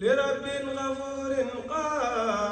li rabbin ghafurin qaahir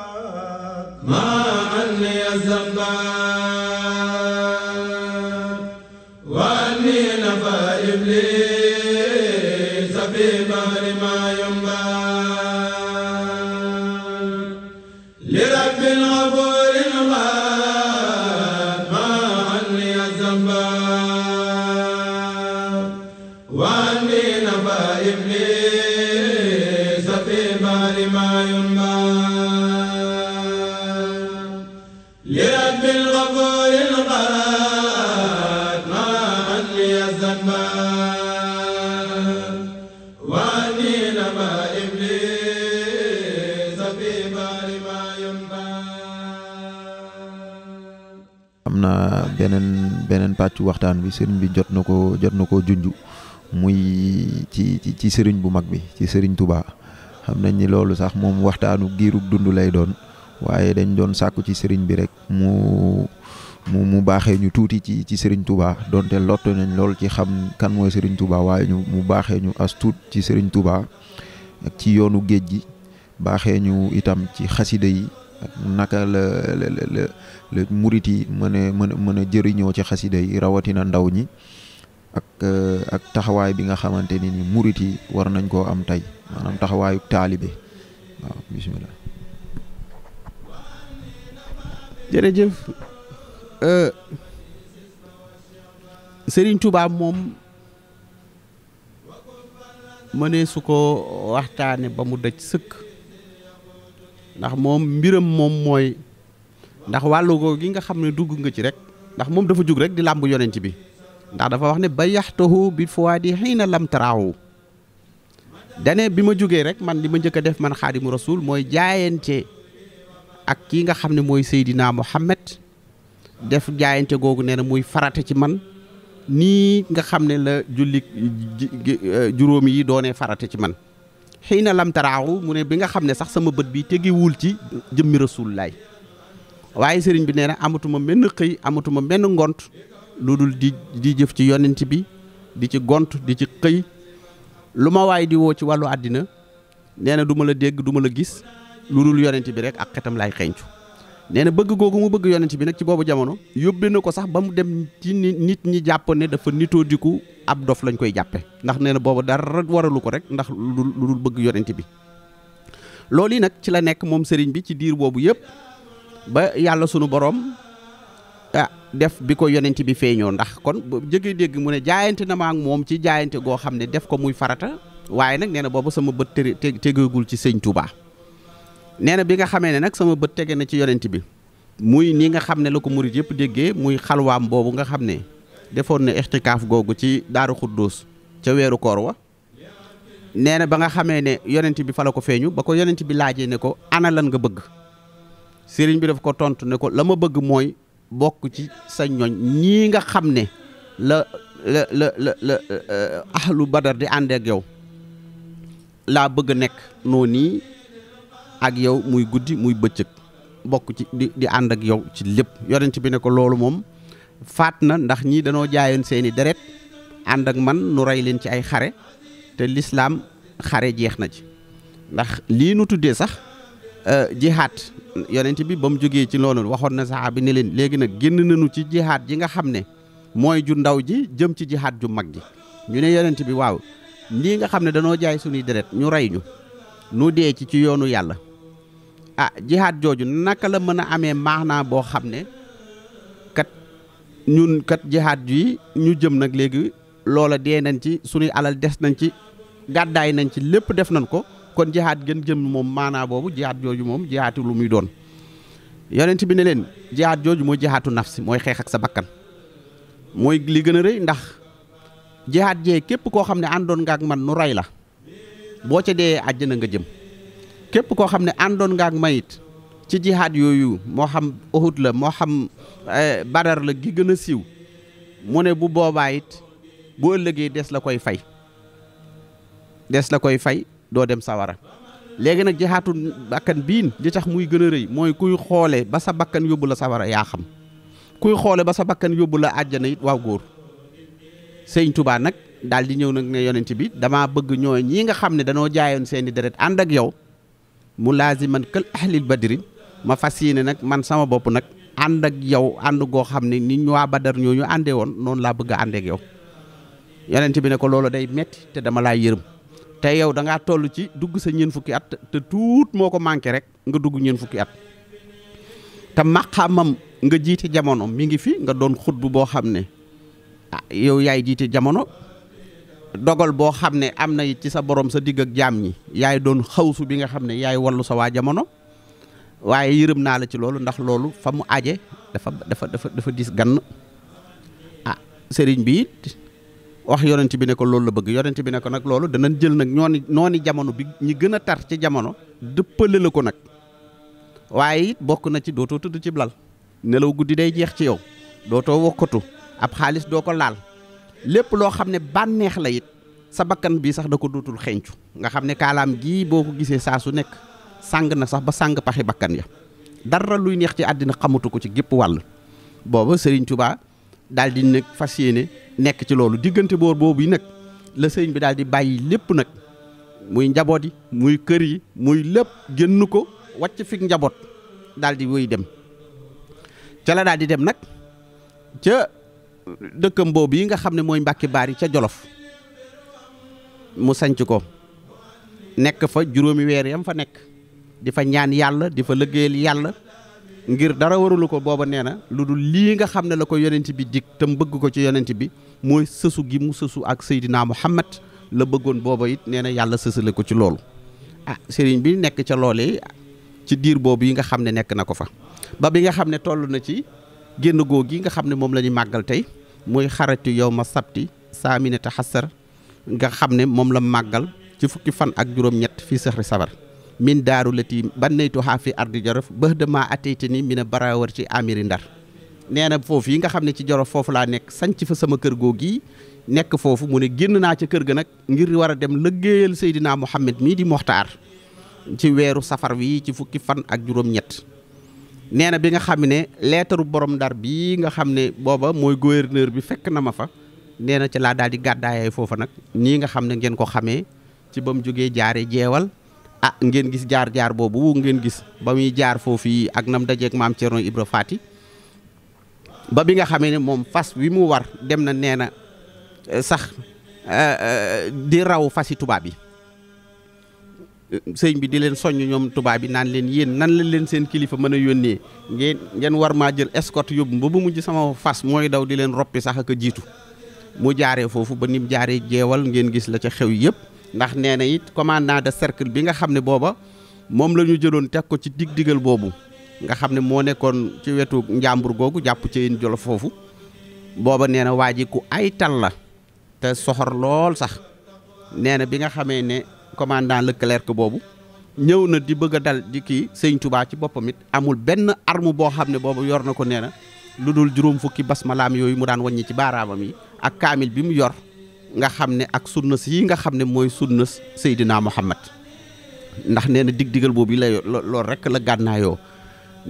pàccu waxtaan bi sëriñ bi jot na ko jot na koo junj muy ci ci sëriñ bu mag bi ci sëriñ Touba xam nañ ni loolu sax moom waxtaanu giirug dund lay doon waaye dañ doon sàkku ci sëriñ bi rek mu mu mu baaxee ñu tuuti ci ci sëriñ Touba donte lott nañ lool ci xam kan mooy sëriñ Touba waaye ñu mu baaxee ñu as tuut ci sëriñ Touba ci yoonu géej gi baaxee ñu itam ci xasida yi naka la la la la murit yi mën a mën a mën jëriñoo ci xasida yi rawatina ndaw ñi euh, ak taxawaay bi nga xamante ni ni murit yi war nañ koo am tey maanaam taxawaayu taalibe waaw bisimilah. jërëjëf euh, Serigne Touba moom mënee su ko waxtaane ba mu daj sëkk. ndax moom mbiram moom mooy ndax wàllu googu gi nga xam ne dugg nga ci rek ndax moom dafa jóg rek di làmb yonent bi ndax dafa wax ne ba yaxtahu bi fuwaadi xiina lam taraawu dane bi ma jógee rek man li ma njëkk a def man xaadimu rasul mooy jaayante ak kii nga xam ne mooy Seydina Muhammad def jaayante googu nee na muy farate ci man nii nga xam ne la julli eh, juróom yi doonee farate ci man xëy na lam mu ne bi nga xam ne sax sama bët bi tegiwul ci jëmmi rasulilaay waaye sëriñ bi nee na amatuma menn xëy amatuma menn ngont lu dul di di jëf ci yonent bi di ci gont di ci xëy lu ma waay di woo ci wàllu àddina nee na du ma la dégg duma la gis lu dul yonent bi rek ak xetam laay xencu nee na bëgg googu mu bëgg yonent bi nag ci boobu jamono yóbbe na ko sax ba mu dem ci nit ñi jàpp ne dafa nitoo diku ab dof lañ koy jàppe ndax nee na boobu dara waralu ko rek ndax lu dul bëgg yonent bi loolu yi nag ci la nekk moom sëriñ bi ci diir boobu yëpp ba yàlla sunu boroom a ah, def bi ko yonent bi feeñoo ndax kon jëgee dégg mu ne jaayante na ma moom ci jaayante goo xam ne def ko muy farata waaye nag nee boobu sama bët tege tegagul ci sëñ nee na bi nga xamee ne nag sama bët tege na ci yonent bi muy nii nga xam ne la ko murit yépp déggee muy xalwaam boobu nga xam ne defoon na ixtikaaf googu ci daaru xudduus ca weeru koor wa nee na ba nga xamee ne yonent bi fa la ko feeñu ba ko yonent bi laajee ne ko ana lan nga bëgg sëriñ bi daf ko tontu ne ko la ma bëgg mooy bokk ci sa ñoñ ñii nga xam ne la la la la badar di ànd yow laa bëgg nekk noonu nii ak yow muy guddi muy bëccëg bokk ci di ànd ak yow ci lépp yonent bi ne ko loolu moom faat na ndax ñii danoo jaayoon seeni deret ànd ak man nu rey leen ci ay xare te lislaam xare jeex na ci ndax lii nu tuddee sax euh, jihaat yonent bi ba mu jógee ci loolu waxoon na saxaabi ni leen léegi nag génn nañu ci jihaat ji nga xam ne mooy ju ndaw ji jëm ci jihaat ju mag ji ñu ne yonent bi waaw lii nga xam ne danoo jaay suñuy deret ñu rey ñu nu dee ci ci yoonu yàlla a ah, jeexaat jooju naka la mën a amee maanaa boo xam ne kat ñun kat jihaad ji ñu jëm nag léegi loola dee nañ ci sunuy alal des nañ ci gàddaay nañ ci lépp def nañ ko kon jeexaat gën jëm moom maanaa boobu jihaad jooju moom jihaatu lu muy doon yonent bi ne leen jihaad jooju mooy jihaatu nafsi mooy xeex sa bakkan mooy li gën a rëy ndax jihaad jee képp koo xam ne àndoon nga ak man nu rey la boo ca dee àjjana nga jëm képp koo xam ne àndoon nga ak mayit ci jihaad yooyu moo xam Uhud la moo xam eh, Badar la gi gën a siiw mu ne bu boobaa it bu des la koy fay des la koy fay doo dem sawara léegi nag jihaatu bakkan biin li tax muy gën a rëy mooy kuy xoole ba sa bakkan yóbbu la sawara yaa xam kuy xoole ba sa bakkan yóbbu la àjjana it waaw góor sëñ Tuubaa nag daal di ñëw nag ne yonent bi damaa bëgg ñoo ñii nga xam ne danoo jaayoon seeni deret ànd ak yow mu laaziman kël ahlil badrin ma fas yéene nag man sama bopp nag ànd ak yow ànd goo xam ne ni waa badar ñooñu àndee woon noonu laa bëgg a àndeek yow yonent bi ne ko loolu day metti te dama laa yërëm te yow da ngaa toll ci dugg sa ñeen fukki at te tuut moo ko manqué rek nga dugg ñeen fukki at te maqaamam nga jiite jamono mi ngi fi nga doon xutbu boo xam ne ah yow yaay jiite jamono dogal boo xam ne am na ci sa boroom sa digg ak jaam ñi yaay doon xawsu bi nga xam ne yaay wallu sa waa jamono waaye yërëm naa la ci loolu ndax loolu fa mu aje dafa dafa dafa dafa gann ah sëriñ bi it wax yonent bi ne ko loolu la bëgg yonent bi ne ko nag loolu danañ jël nag ñooni nooni jamono bi ñi gën a tar ci jamono dëppale la ko nag waaye it bokk na ci dootoo tëdd cib blal nelaw guddi day jeex ci yow dootoo wokkatu ab xaalis doo ko laal lépp loo xam ne bànneex la it sa bakkan bii sax da ko dootul xencu nga xam ne kaalaam gii boo ko gisee saa su nekk sàng na sax ba sàng paxi bakkan ya dara luy neex ci àddina xamatu ko ci gépp wàll booba sëriñ Tuubaa daal di nag fas yéene nekk ci loolu diggante boor boobu yi nag la sëriñ bi daal di bàyyi lépp nag muy njaboot yi muy kër yi muy lépp génn ko wàcc fi njaboot daal di wéy dem ca la daal dem nag dëkkam boobu yi nga xam ne mooy Mbàkke Baari ca Jolof mu sanc ko nekk fa juróomi weer yam fa nekk di fa ñaan yàlla di fa liggéeyal yàlla ngir dara warulu ko booba nee na lu dul lii nga xam ne la ko yonent bi dikk te mu bëgg ko ci yonent bi mooy sësu gi mu sësu ak Seydina Muhammad la bëggoon booba it nee na yàlla sësale ko ci loolu ah sëriñ bi nekk ca loolee ci diir boobu yi nga xam ne nekk na ko fa ba bi nga xam ne toll na ci génn goo gi nga xam ne moom la ñuy màggal tey muy xaratu yow ma sabti saaminata xasar nga xam ne moom la màggal ci fukki fan ak juróom-ñett sax sëxri sabar min daaru lati bannaytuhaa fi ardi jorof bëx damaa ateyte ni mi ne barawar ci amiri ndar nee na foofu yi nga xam ne ci jorof foofu laa nekk sanc fa sama kër goo gi nekk foofu mu ne génn naa ci kër gi nag ngir war a dem lëggéeyal Seydina Muhammad mii di Moxtaar ci weeru safar wi ci fukki fan ak juróom nee na bi nga xam ne leetaru borom ndar bii nga xam ne booba mooy gouverneur bi fekk na ma fa nee na ci laa daal di gàddaayay foofa nag nii nga xam ne ngeen ko xamee ci ba mu jógee jaare jeewal ah ngeen gis jaar jaar boobu ngeen gis ba muy jaar foofu ak nam dajeeg maam Thierno Ibra faati ba bi nga xamee ne moom fas wi mu war dem na nee na eh, sax eh, eh, di raw fas yi tubaab yi sëñ bi di leen soññ ñoom tubaab bi naan leen yéen nan lañ leen seen kilifa mën a yónnee ngeen ngeen war maa jël escorte yóbbu ba bu mujj sama fas mooy daw di leen roppi sax ak a jiitu mu jaaree foofu ba nim jaaree jeewal ngeen gis la ca xew yëpp ndax nee na it commandant de cercle bi nga xam ne booba moom la ñu jëloon teg ko ci digg digal boobu nga xam ne moo nekkoon ci wetu njàmbur googu jàpp ci yéen jolof foofu booba nee na waa ku ay tal la te soxor lool sax commandant Leclerc boobu ñëw na di bëgg a dal di kii sëñ Touba ci boppam it amul benn armu boo xam ne boobu yor na ko nee na lu dul juróom fukki basmalaam yooyu mu daan wàññi ci baaraamam yi ak kaamil bi mu yor nga xam ne ak sunnas yi nga xam ne mooy sunnas Seydina Muhammad ndax nee na dig digal boobu la loolu rek la gànnaayoo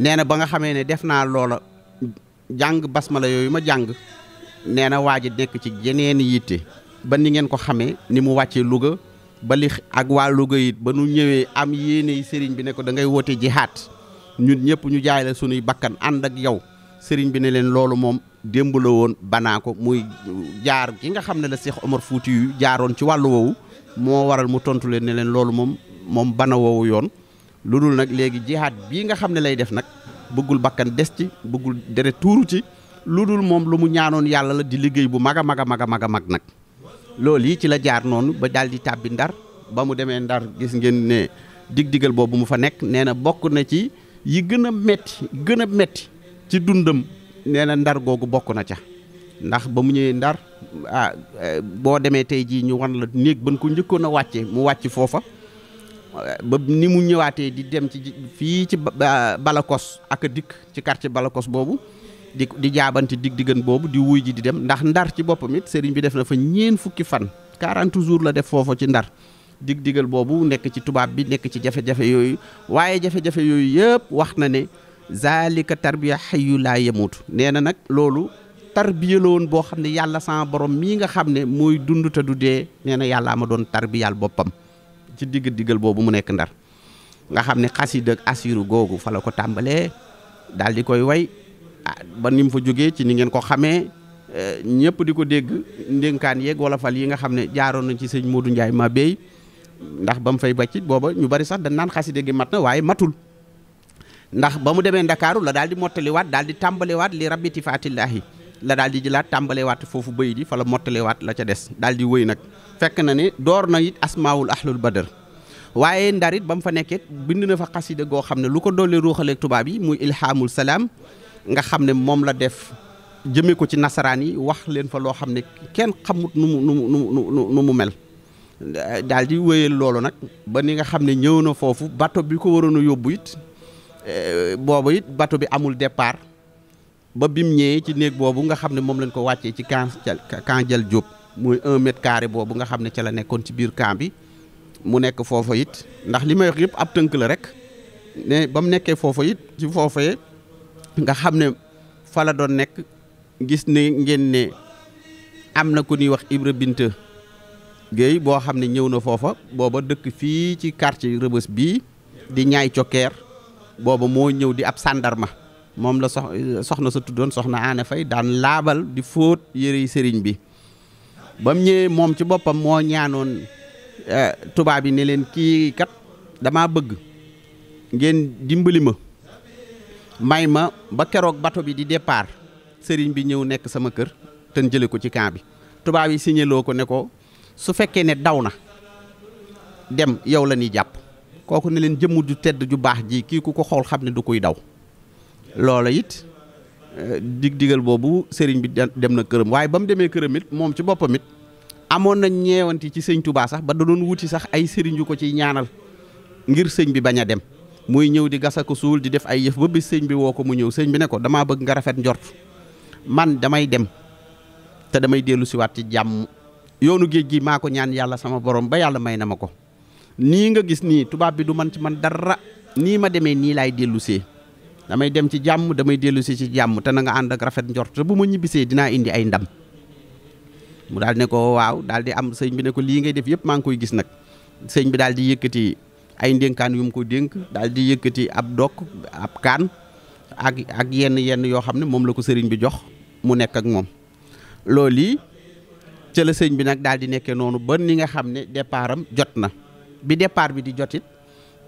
nee na ba nga xamee ne def naa loola jàng basmala yooyu ma jàng nee na waa ji nekk ci yeneen yitte ba ni ngeen ko xamee ni mu wàccee Louga ba li ak waa Louga ba nu ñëwee am yéene sëriñ bi ne ko da ngay woote jihaat ñun ñëpp ñu jaay la sunuy bakkan ànd ak yow sëriñ bi ne leen loolu moom démb woon banaako muy jaar ki nga xam ne la Cheikh Omar Fouti jaaroon ci wàllu woowu moo waral mu tontu leen ne leen loolu moom moom bana woowu yoon lu dul nag léegi jihaat bii nga xam ne lay def nag bëggul bakkan des ci bëggul deret tuuru ci lu dul moom lu mu ñaanoon yàlla la di liggéey bu mag a mag a mag a mag a mag nag loolu yi ci la jaar noonu ba daal di tàbbi ndar ba mu demee ndar gis ngeen ne dig-digal boobu mu fa nekk nee na bokk na ci yi gën a metti gën a metti ci dundam nee na ndar googu bokk na ca ndax ba mu ñëwee ndar ah, eh, boo demee tey jii ñu wan la néeg ban ko njëkkoon a wàcce mu wàcc foofa ba ni mu ñëwaatee di dem ci fii ci Balakos ak dikk ci quartier Balakos boobu di di jaabante dig diggan boobu di wuy ji di dem ndax ndar ci boppam sëriñ bi def na fa ñeen fukki fan 40 jours la def foofa ci ndar dig digal boobu nekk ci tubaab bi nekk ci jafe-jafe yooyu waaye jafe-jafe yooyu yëpp wax na ne zalika tarbiya xayu laa yemutu nee na nag loolu tarbiya la boo xam ne yàlla sama borom mii nga xam ne mooy dund du dee neena na yàllaa ma doon tarbiyal boppam ci digg digal boobu mu nekk ndar nga xam ne xasida ak asiru googu fa la ko tàmbalee Ah, ba ni mu fa jógee ci ni ngeen ko xamee eh, ñëpp di ko dégg ndénkaan yeeg wala yi nga xam ne jaaroon na ci sëñ Modou njaay ma béy ndax ba mu fay bàccit booba ñu bari sax dañ naan xaside gi mat na waaye matul ndax ba mu demee ndakaaru la daal di mottaliwaat daal di tàmbaliwaat li rabbi tifaatillaahi la daal di jëlaat tàmbaliwaat foofu bëy di fa la mottaliwaat la ca des daal di wëy nag fekk na ni door na it asmaawul ahlul badar waaye ndarit ba mu fa nekkee bind na fa xam ne lu ko doole ruuxaleeg tubaab yi muy ilhaamul salaam nga xam ne moom la def jëmee ko ci nasaraan yi wax leen fa loo xam ne kenn xamut nu mu mel daal di wéyal loolu nag ba ni nga xam ne ñëw na foofu bato bi ko waroon a yóbbu it eh, boobu it bato bi amul départ ba bim ñëwee ci néeg boobu nga xam ne moom lañ ko wàccee ci camp camp Jal Diop muy un mètre carré boobu nga xam ne ca la nekkoon ci biir camp bi mu nekk foofu it ndax li may wax yëpp ab tënk la rek ba mu nekkee foofu it ci foofa nga xam ne fa la doon nekk gis ne ngeen ne am na ku ñuy wax Ibra Binte Gueye boo xam ne ñëw na foofa booba dëkk fii ci quartier Rëbës bii di ñaay cokkeer booba moo ñëw di ab sàndarma moom la sox soxna sa tuddoon soxna Aane Fay daan laabal di fóot yëre sëriñ bi ba mu ñëwee moom ci boppam moo ñaanoon eh, tubaab yi ne leen kii kat damaa bëgg ngeen dimbali ma may ma ba keroog bato bi di deppaar sëriñ bi ñëw nekk sama kër te jële ko ci camp bi tubaab yi signaloo ko ne ko su fekkee ne daw na dem yow la ñuy jàpp kooku ne leen jëmmu ju tedd ju baax ji kii ku ko xool xam ne du koy daw loola it eh, dig digal boobu sëriñ bi dem na këram waaye ba mu demee këramit moom ci boppamit amoon nañ ñeewanti ci sëñ Touba sax ba da doon wuti sax ay sëriñ yu ko ciy ñaanal ngir sëñ bi bañ a dem muy ñëw di ko suul di def ay yëf ba bis sëñ bi woo ko mu ñëw sëñ bi ne ko damaa bëgg nga rafet njort man damay dem te damay dellu siwaat ci jàmm yoonu géej gi maa ko ñaan yàlla sama borom ba yàlla may na ma ko nii nga gis nii tubaab bi du man ci man dara nii ma demee nii laay dellu see damay dem ci jàmm damay dellu si ci jàmm te na nga ànd ak rafet njort te bu ma ñibbisee dinaa indi ay ndam mu daal ne ko waaw daal di am sëñ bi ne ko lii ngay def yëpp maa ngi koy gis nag sëñ bi daal di yëkkati ay ndénkaan yu mu ko dénk daal di yëkkati ab dokk ab kaan ak ak yenn yenn yoo xam ne moom la ko sëriñ bi jox mu nekk ak moom. loolu yi ca sëñ bi nag daal di nekkee noonu ba ni nga xam ne départ am jot na bi départ bi di jotit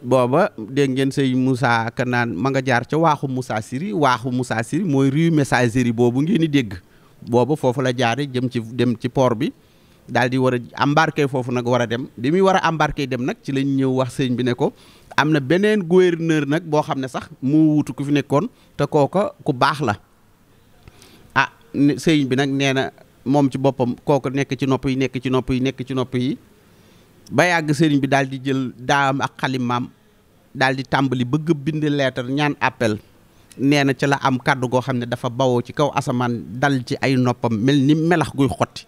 booba dégg ngeen sëñ Moussa ka naan ma nga jaar ca waaxu Moussa Siri waaxu Moussa Siri mooy rue messagerie boobu ngeen di dégg booba foofu la jaare jëm ci dem ci poor bi. daal di war a embarqué foofu nag war a dem bi muy war a embarqué dem nag ci lañ ñëw wax sëñ bi ne ko am na beneen gouverneur nag boo xam ne sax mu wutu ku fi nekkoon te kooka ku baax la ah sëñ bi nag nee na moom ci boppam kooka nekk ci nopp yi nekk ci nopp yi nekk ci nopp yi ba yàgg sëriñ bi daal di jël daam ak xalimaam dal di tàmbali bëgg bind leetar ñaan appel nee na ci la am kàddu goo xam ne dafa bawoo ci kaw asamaan dal ci ay noppam mel ni melax guy xotti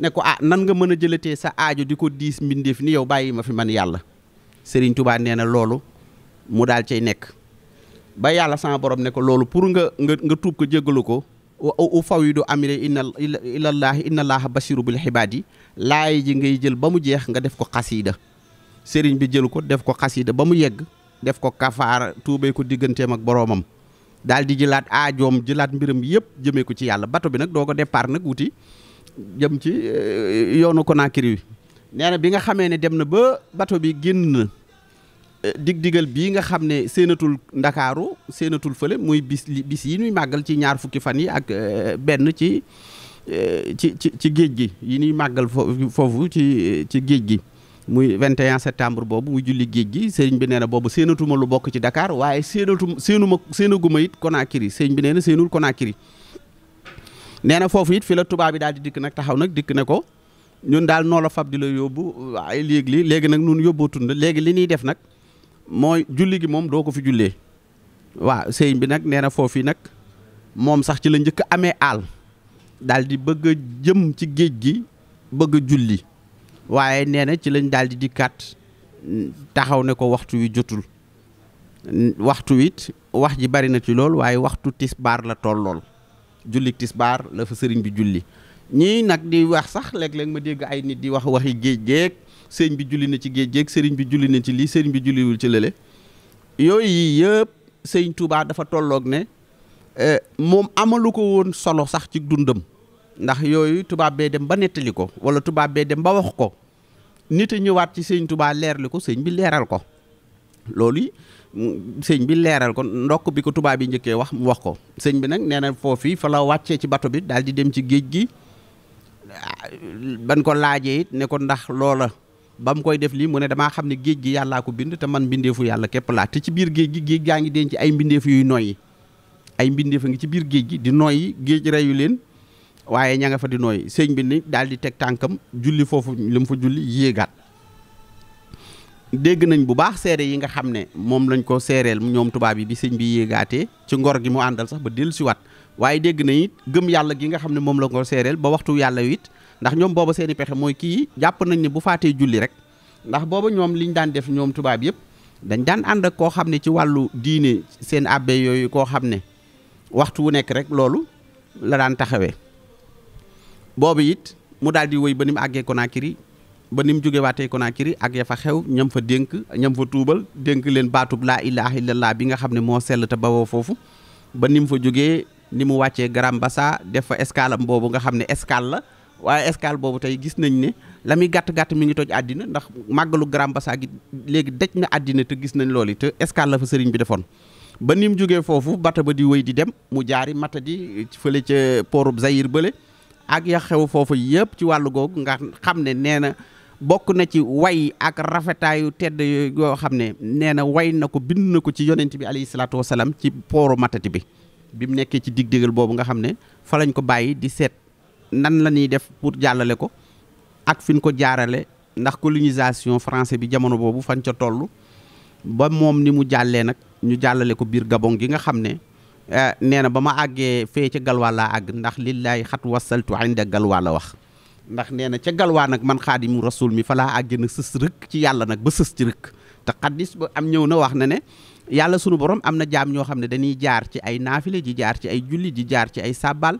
ne ko ah nan nga mën a jëlatee sa aajo di ko diis mbindeef ni yow bàyyi ma fi man yàlla Serigne Touba nee na loolu mu daal cay nekk ba yàlla sama borom ne ko loolu pour nga nga nga tuub ko jéggalu ko u faw yi du amire inna ilallaahi innallaaha basiru bil xibaad yi laay ji ngay jël ba mu jeex nga def ko xasiida sëriñ bi jël ko def ko xasiida ba mu yegg def ko kafaara tuubee ko digganteem ak boroomam daal di jëlaat aajoom jëlaat mbiram yëpp jëmee ko ci yàlla bato bi nag doo ko départ nag wuti jëm ci euh, yoonu Conakry wi nee bi nga xamee ne dem na ba bato bi génn na euh, dig bii nga xam ne séenatul ndakaaru séenatul fële muy bis li bis yi ñuy màggal ci ñaar fukki fan yi ak euh, benn ci ci ci ci géej gi yi ñuy màggal foofu ci ci géej gi muy 21 septembre boobu muy julli géej gi sëriñ bi nee na boobu séenatuma lu bokk ci dakaar waaye séenatu séenuma séenaguma yit Conakry sëriñ bi nee na séenul Conakry nee na foofu it fi la tubaab bi daal di dikk nag taxaw nag dikk ne ko ñun daal noo la fab di la yóbbu ay léegi li léegi nag nun yóbbootun la léegi li ñuy def nag mooy julli gi moom doo ko fi jullee waaw sëñ bi nag nee na foofu nag moom sax ci la njëkk amee aal daldi bëgg a jëm ci géej gi bëgg a julli waaye nee na ci lañ daal di dikkaat taxaw ne ko waxtu wi jotul waxtu wit wax ji bari na ci lool waaye waxtu tisbaar la tollool julli tisbaar la fa sëriñ bi julli ñii nag di wax sax léeg-léeg ma dégg ay nit di wax waxi géej géej sëñ bi julli na ci géej géej sëriñ bi julli na ci lii sëriñ bi julliwul ci lële yooyu yëpp sëñ tubaa dafa tolloog ne e, moom amalu ko woon solo sax ci dundam ndax yooyu tubaab bee dem ba nettali ko wala tubaab bee dem ba wax ko nit a ñëwaat ci sëñ tubaa leerli ko sëñ bi leeral ko loolu sëñ bi leeral ko ndokk bi ko tubaab yi njëkkee wax mu wax ko sëñ bi nag nee na fii fa la wàccee ci bato bi daal di dem ci géej gi ban ko laajee it ne ko ndax loola ba mu koy def lii mu ne damaa xam ne géej gi yàllaa ko bind te man mbindeefu yàlla képp laa te ci biir géej gi géej gaa ngi ci ay mbindeef yuy yi ay mbindeef a ngi ci biir géej gi di noyyi géej reyu leen waaye ña nga fa di nooy sëñ bi ni daal di teg tànkam julli foofu li mu fa dégg nañ bu baax seere yi nga xam ne moom lañ ko seereel ñoom tubaab yi bi sëñ bi yéegaatee ci ngor gi mu àndal sax ba dellu siwaat waaye dégg nañ it gëm yàlla gi nga xam ne moom la ko seereel ba waxtu yàlla wit ndax ñoom booba seeni pexe mooy kii jàpp nañ ne bu faatee julli rek ndax booba ñoom liñ daan def ñoom tubaab yëpp dañ daan ànd ak koo xam ne ci wàllu diine seen abbe yooyu koo xam ne waxtu wu nekk rek loolu la daan taxawee boobu it mu daal di wëy ba ni mu àggee Conakry ba ni mu jóge waatee Conakry ak ya fa xew ñam fa dénk ñam fa tuubal dénk leen baatub laa ilaha illallah bi nga xam ne moo sell te bawoo foofu ba ni mu fa jógee ni mu wàccee Grand-Bassam def fa escale am boobu nga xam ne escale la waaye escale boobu tey gis nañ ne la muy gàtt-gàtt mi ngi toj àddina ndax màggalu grand gi léegi daj na àddina te gis nañ loolu te escale fa sëriñ bi defoon ba ni mu jógee foofu bata ba di wéy di dem mu jaari mata di fële ca porub Zaïre bële ak ya xew foofu yëpp ci wàllu googu nga xam ne nee na bokk na ci way ak rafetaayu tedd yooyu yoo xam ne nee na way na ko bind na ko ci yonent bi alayhi salaatu wasalaam ci pooru matati bi bi mu nekkee ci dig digal boobu nga xam ne fa lañ ko bàyyi di seet nan la ñuy def pour jàllale ko ak fi ñu ko jaarale ndax colonisation français bi jamono boobu fan ca toll ba moom ni mu jàllee nag ñu jàllale ko biir Gabon gi nga xam ne eh, nee na ba ma àggee fee ca galwaa laa àgg ndax lillaay xat wasaltu inda galwaa la wax ndax nee na ca galwaa nag man xaadimu rasul mi falaa àgg na sës rëkk ci yàlla nag ba sës ci rëkk te xaddis ba am ñëw na wax na ne yàlla sunu borom am na jaam ñoo xam ne dañuy jaar ci ay naafile ji jaar ci ay julli ji jaar ci ay sàbbaal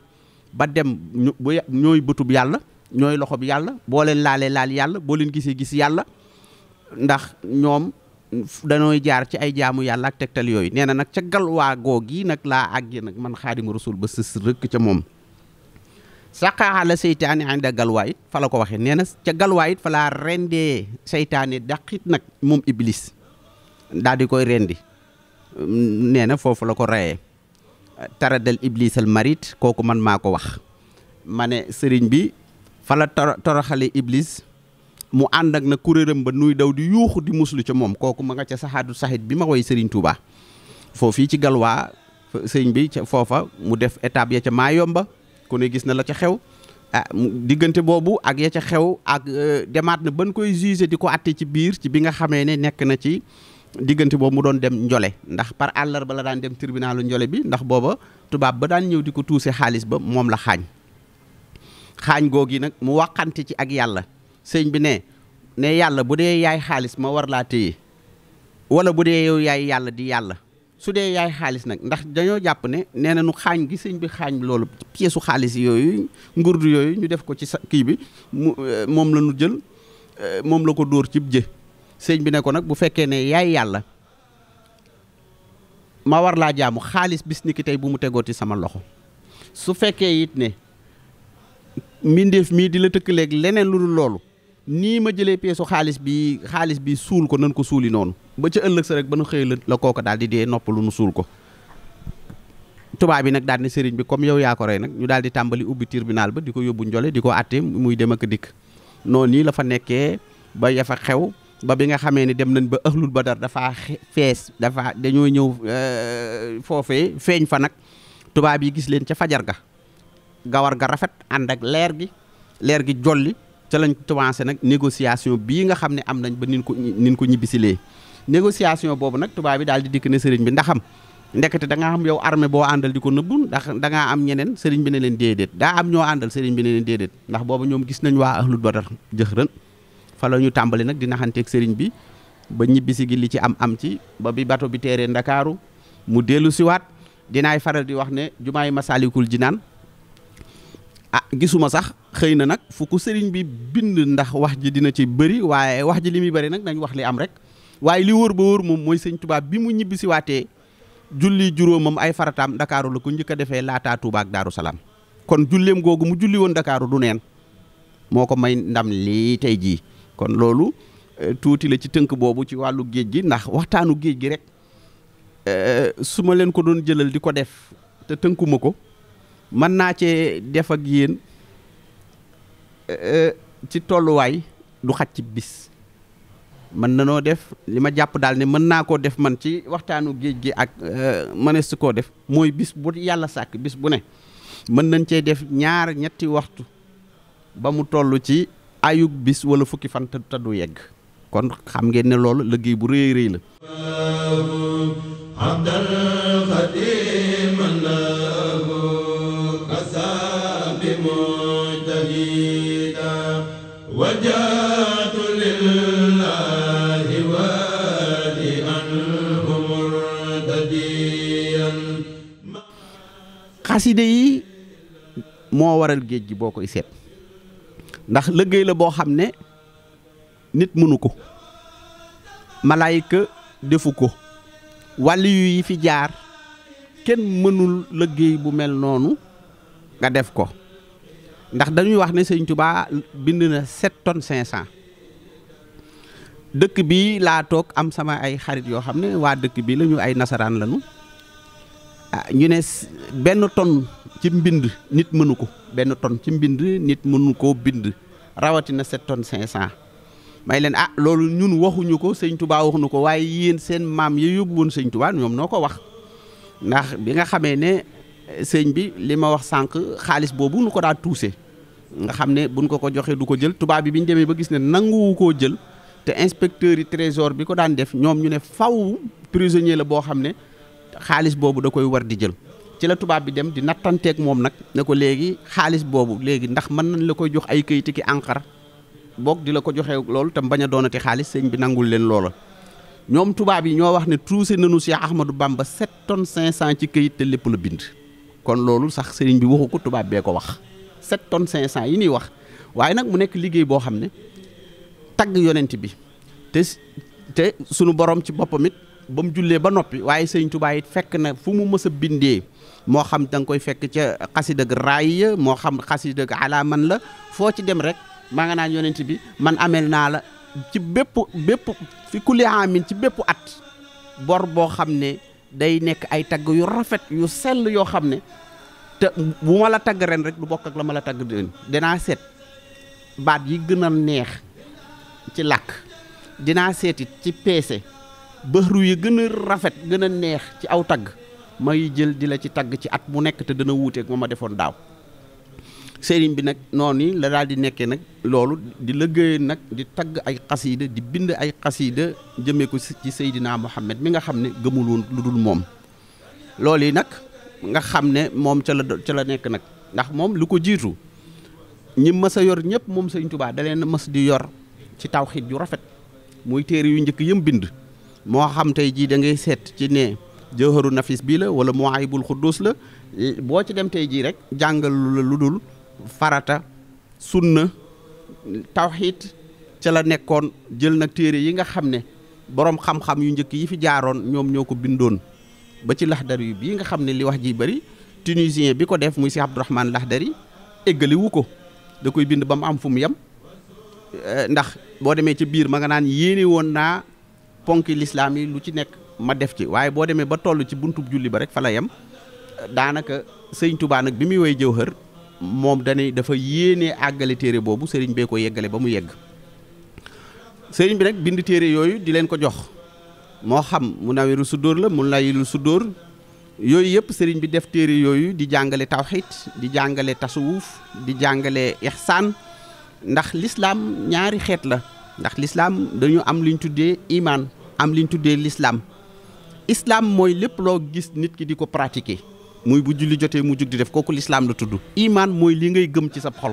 ba dem ñooy bëtub yàlla ñooy loxob yàlla boo leen laalee laal yàlla boo leen gisee gis yàlla ndax ñoom danooy jaar ci ay jaamu yàlla ak tegtal yooyu nee na nag ca galwaa goo nag laa àgg nag man xaadimu rasul ba sës rëkk ca moom saqaaxa la seytaane ànda galwaayit fa la ko waxee nee na ca galwaayit fa laa rendee seytaane daqit nag moom iblis daal di koy rendi nee na foofu la ko reyee taradal iblis al marit kooku man maa ko wax ma ne sëriñ bi fala la toroxale iblis mu ànd ak na kuréeram ba nuy daw di yuuxu di muslu ca moom kooku ma nga ca saxaadu saxit bi ma woy sëriñ Touba foofii ci galwaa sëriñ bi ca foofa mu def étape ya ca Maayomba kon ne gis na la ca xew ah, diggante boobu ak ya ca xew ak euh, demaat na ban koy jugé di ko atte ci biir ci bi nga xamee ne nekk na ci diggante boobu mu doon dem njole ndax par àllarba la daan dem tribunalu njole bi ndax booba tubaab ba daan ñëw di ko tuuse xaalis ba moom la xaañ xaañ googi nag mu waxante ci ak yàlla sëñ bi ne ne yàlla bu dee yaay xaalis ma war laa téye wala bu dee yow yaay yàlla di yàlla su dee yaay xaalis nag ndax dañoo jàpp ne nee na xaañ gi sëñ bi xaañ loolu pièce xaalis yooyu ngurdu yooyu ñu def ko ci sa kii bi mu euh, moom la ñu jël euh, moom la ko dóor cib jë sëñ bi ne ko nag bu fekkee ne yaay yàlla ma war laa jaamu xaalis bis ni tey bu mu tegoo tegooti sama loxo su fekkee it ne mbindeef mii di la tëkk tëkkaleeg leneen lu dul loolu nii ma jëlee peesu xaalis bi xaalis bi suul ko nan ko suuli noonu ba ca ëllëg sa rek ba nu xëyee la la kooka daal di dee noppalu nu suul ko tubaab bi nag daal ne sëriñ bi comme yow yaa ko rey nag ñu daal di tàmbali ubbi tribunal ba di ko yóbbu njole di ko àtte muy dem ak dikk noonu nii la fa nekkee ba ya xew ba bi nga xamee ne dem nañ ba ëxlul badar dafaa fees dafa dañoo ñëw euh, foofee feeñ fa nag tubaab yi gis leen ca fajar ga gawar ga rafet ànd ak leer gi leer gi jolli ca lañ commencé nag négociation bii nga xam ne am nañ ba nin ko nin ko ñibbisilee négociation boobu nag tubaab bi daal di dikk ne sëriñ bi ndax am ndekete da am yow armée boo àndal di ko nëbbu ndax dangaa am ñeneen sëriñ bi ne leen déedéet daa am ñoo àndal sëriñ bi ne leen déedéet ndax boobu ñoom gis nañ waa ahlul badar jëx fa falo ñu tàmbali nag di naxanteeg sëriñ bi ba ñibbisi gi li ci am am ci ba bi bato bi teeree ndakaaru mu dellu siwaat dinaay faral di wax ne jumaay Masaalikul Jinaan ah gisuma sax xëy na nag fu ko sëriñ bi bind ndax wax ji dina ci bëri waaye wax ji li muy bari nag dañ wax li am rek waaye li wóor ba wóor moom mooy sëñ Tuubaa bi mu ñibbi si waatee julli juróomam ay farataam ndakaaru la ko njëkk a defee laataa Tuubaa ak Daaru Salaam kon julleem googu mu julli woon Dakaaru du nen moo ko may ndam lii tey jii kon loolu euh, tuuti la ci tënk boobu ci wàllu géej gi ndax waxtaanu géej gi rek euh, su ma leen ko doon jëlal di ko def te tënkuma ko mën naa cee def ak yéen Eh, ci tolluwaay du xaj ci bis mën na noo def li ma jàpp daal ne mën naa koo def man ci waxtaanu géej gi ak eh, mënees su koo def mooy bis bu yàlla sàkk bis bu ne mën nañ cee def ñaar ñetti waxtu ba mu toll ci ayug bis wala fukki fan te du yegg kon xam ngeen ne loolu liggéey bu rëy rëy la xaside yi moo waral géej gi boo koy seet ndax lëggéey la boo xam ne nit mënu ko malaayika defu ko wàlliyu yi fi jaar kenn mënul lëggéey bu mel noonu nga def ko ndax dañuy wax ne sëñ Tuubaa bind na sept tonnes cinq cent dëkk bi laa toog am sama ay xarit yoo xam ne waa dëkk bi lañu ay nasaraan lañu a ah, ñu ne benn ton ci mbind nit mënu ko benn ton ci mbind nit mënu koo bind rawatina set tonnes cinq cent may leen ah loolu ñun waxuñu ko sëñ tubaa waxuñu ko waaye yéen seen maam ya yóbbu woon sëñ tubaa ñoom noo ko wax ndax bi nga xamee ne eh, sëñ bi li ma wax sànq xaalis boobu nu ko daan tuuse nga xam ne buñ ko ko joxee du ko jël tubaab bi bi ñu demee ba gis ne nanguwu koo jël te inspecteur yi trésor bi ko daan def ñoom ñu ne faw prisonnier la boo xam ne xaalis boobu da koy war di jël ci la tubaab bi dem di nattanteeg moom nag ne ko léegi xaalis boobu léegi ndax mën nañ la koy jox ay kayiti ki ANCAR boog di la ko joxe loolu tam bañ a doonati xaalis sëñ bi nangul leen loola. ñoom tubaab yi ñoo wax ne tuuse nañu Cheikh ba Bamba 7 tonnes 500 ci kayit te lépp la bind. kon loolu sax sëriñ bi waxu ko tubaab bee ko wax 7 tonnes 500 yi ñuy wax waaye nag mu nekk liggéey boo xam ne tagg yonent bi te sunu borom ci boppam ba mu jullee ba noppi waaye sëñ Tuubaa it fekk na fu mu mës a bindee moo xam da koy fekk ca xasida ak raay moo xam xasida ak ala man la foo ci dem rek maa nga naan bi man amel naa la ci bépp bépp fi kulli amin ci bépp at bor boo xam ne day nekk ay tagg yu rafet yu sell yoo xam ne te bu ma la tagg ren rek du bokk ak la ma la tagg déwén dinaa seet baat yi gën a neex ci làkk dinaa seetit ci peese bëxru yi gën a rafet gën a neex ci aw tagg may jël di la ci tagg ci at mu nekk te dana wuuteeg ma ma defoon daaw sëriñ bi nag noonu la daal di nekkee nag loolu di lëggéey nag di tagg ay xasiida di bind ay xasiida jëmee ko ci Seydina Muhammad mi nga xam ne gëmul lu dul moom loolu yi nag nga xam ne moom ca la ca la nekk nag ndax moom lu ko jiitu ñi mës a yor ñëpp moom Sëriñ Tuubaa da leen mës di yor ci tawxiid yu rafet muy téere yu njëkk yëm bind moo xam tey jii dangay seet ci ne jawharu nafis bii la wala muwaayibul xuddus la boo ci dem tey jii rek jàngalu la lu dul farata sunna tawxiit ca la nekkoon jël nag téere yi nga xam ne boroom xam-xam yu njëkk yi fi jaaroon ñoom ñoo ko bindoon ba ci laxdar yu bii nga xam ne li wax jii bari tunisien bi ko def muy si Abdourahman Laxdari éggaliwu ko da koy bind ba mu am fu mu yem eh, ndax boo demee ci biir ma nga naan yéene woon naa ponki lislaam yi lu ci nekk ma def ci waaye boo demee ba toll ci buntu julli ba rek fa la daanaka sëñ Tuubaa nag bi muy woy jëwhër moom dañuy dafa yéene àggale téere boobu sëriñ bee ko yeggale ba mu yegg sëriñ bi nag bind téere yooyu di leen ko jox moo xam mu nawiru sudóor la mu layilu sudóor yooyu yëpp sëriñ bi def téere yooyu di jàngale tawxiit di jàngale tasawuf di jàngale ihsaan ndax lislaam ñaari xeet la ndax lislaam dañu am lu ñu tuddee imaan am li ñu tuddee lislaam islam mooy lépp loo gis nit ki di ko pratiquer muy bu julli jotee mu jug di def kooku lislaam la tudd. imaan mooy lii ngay gëm ci sa xol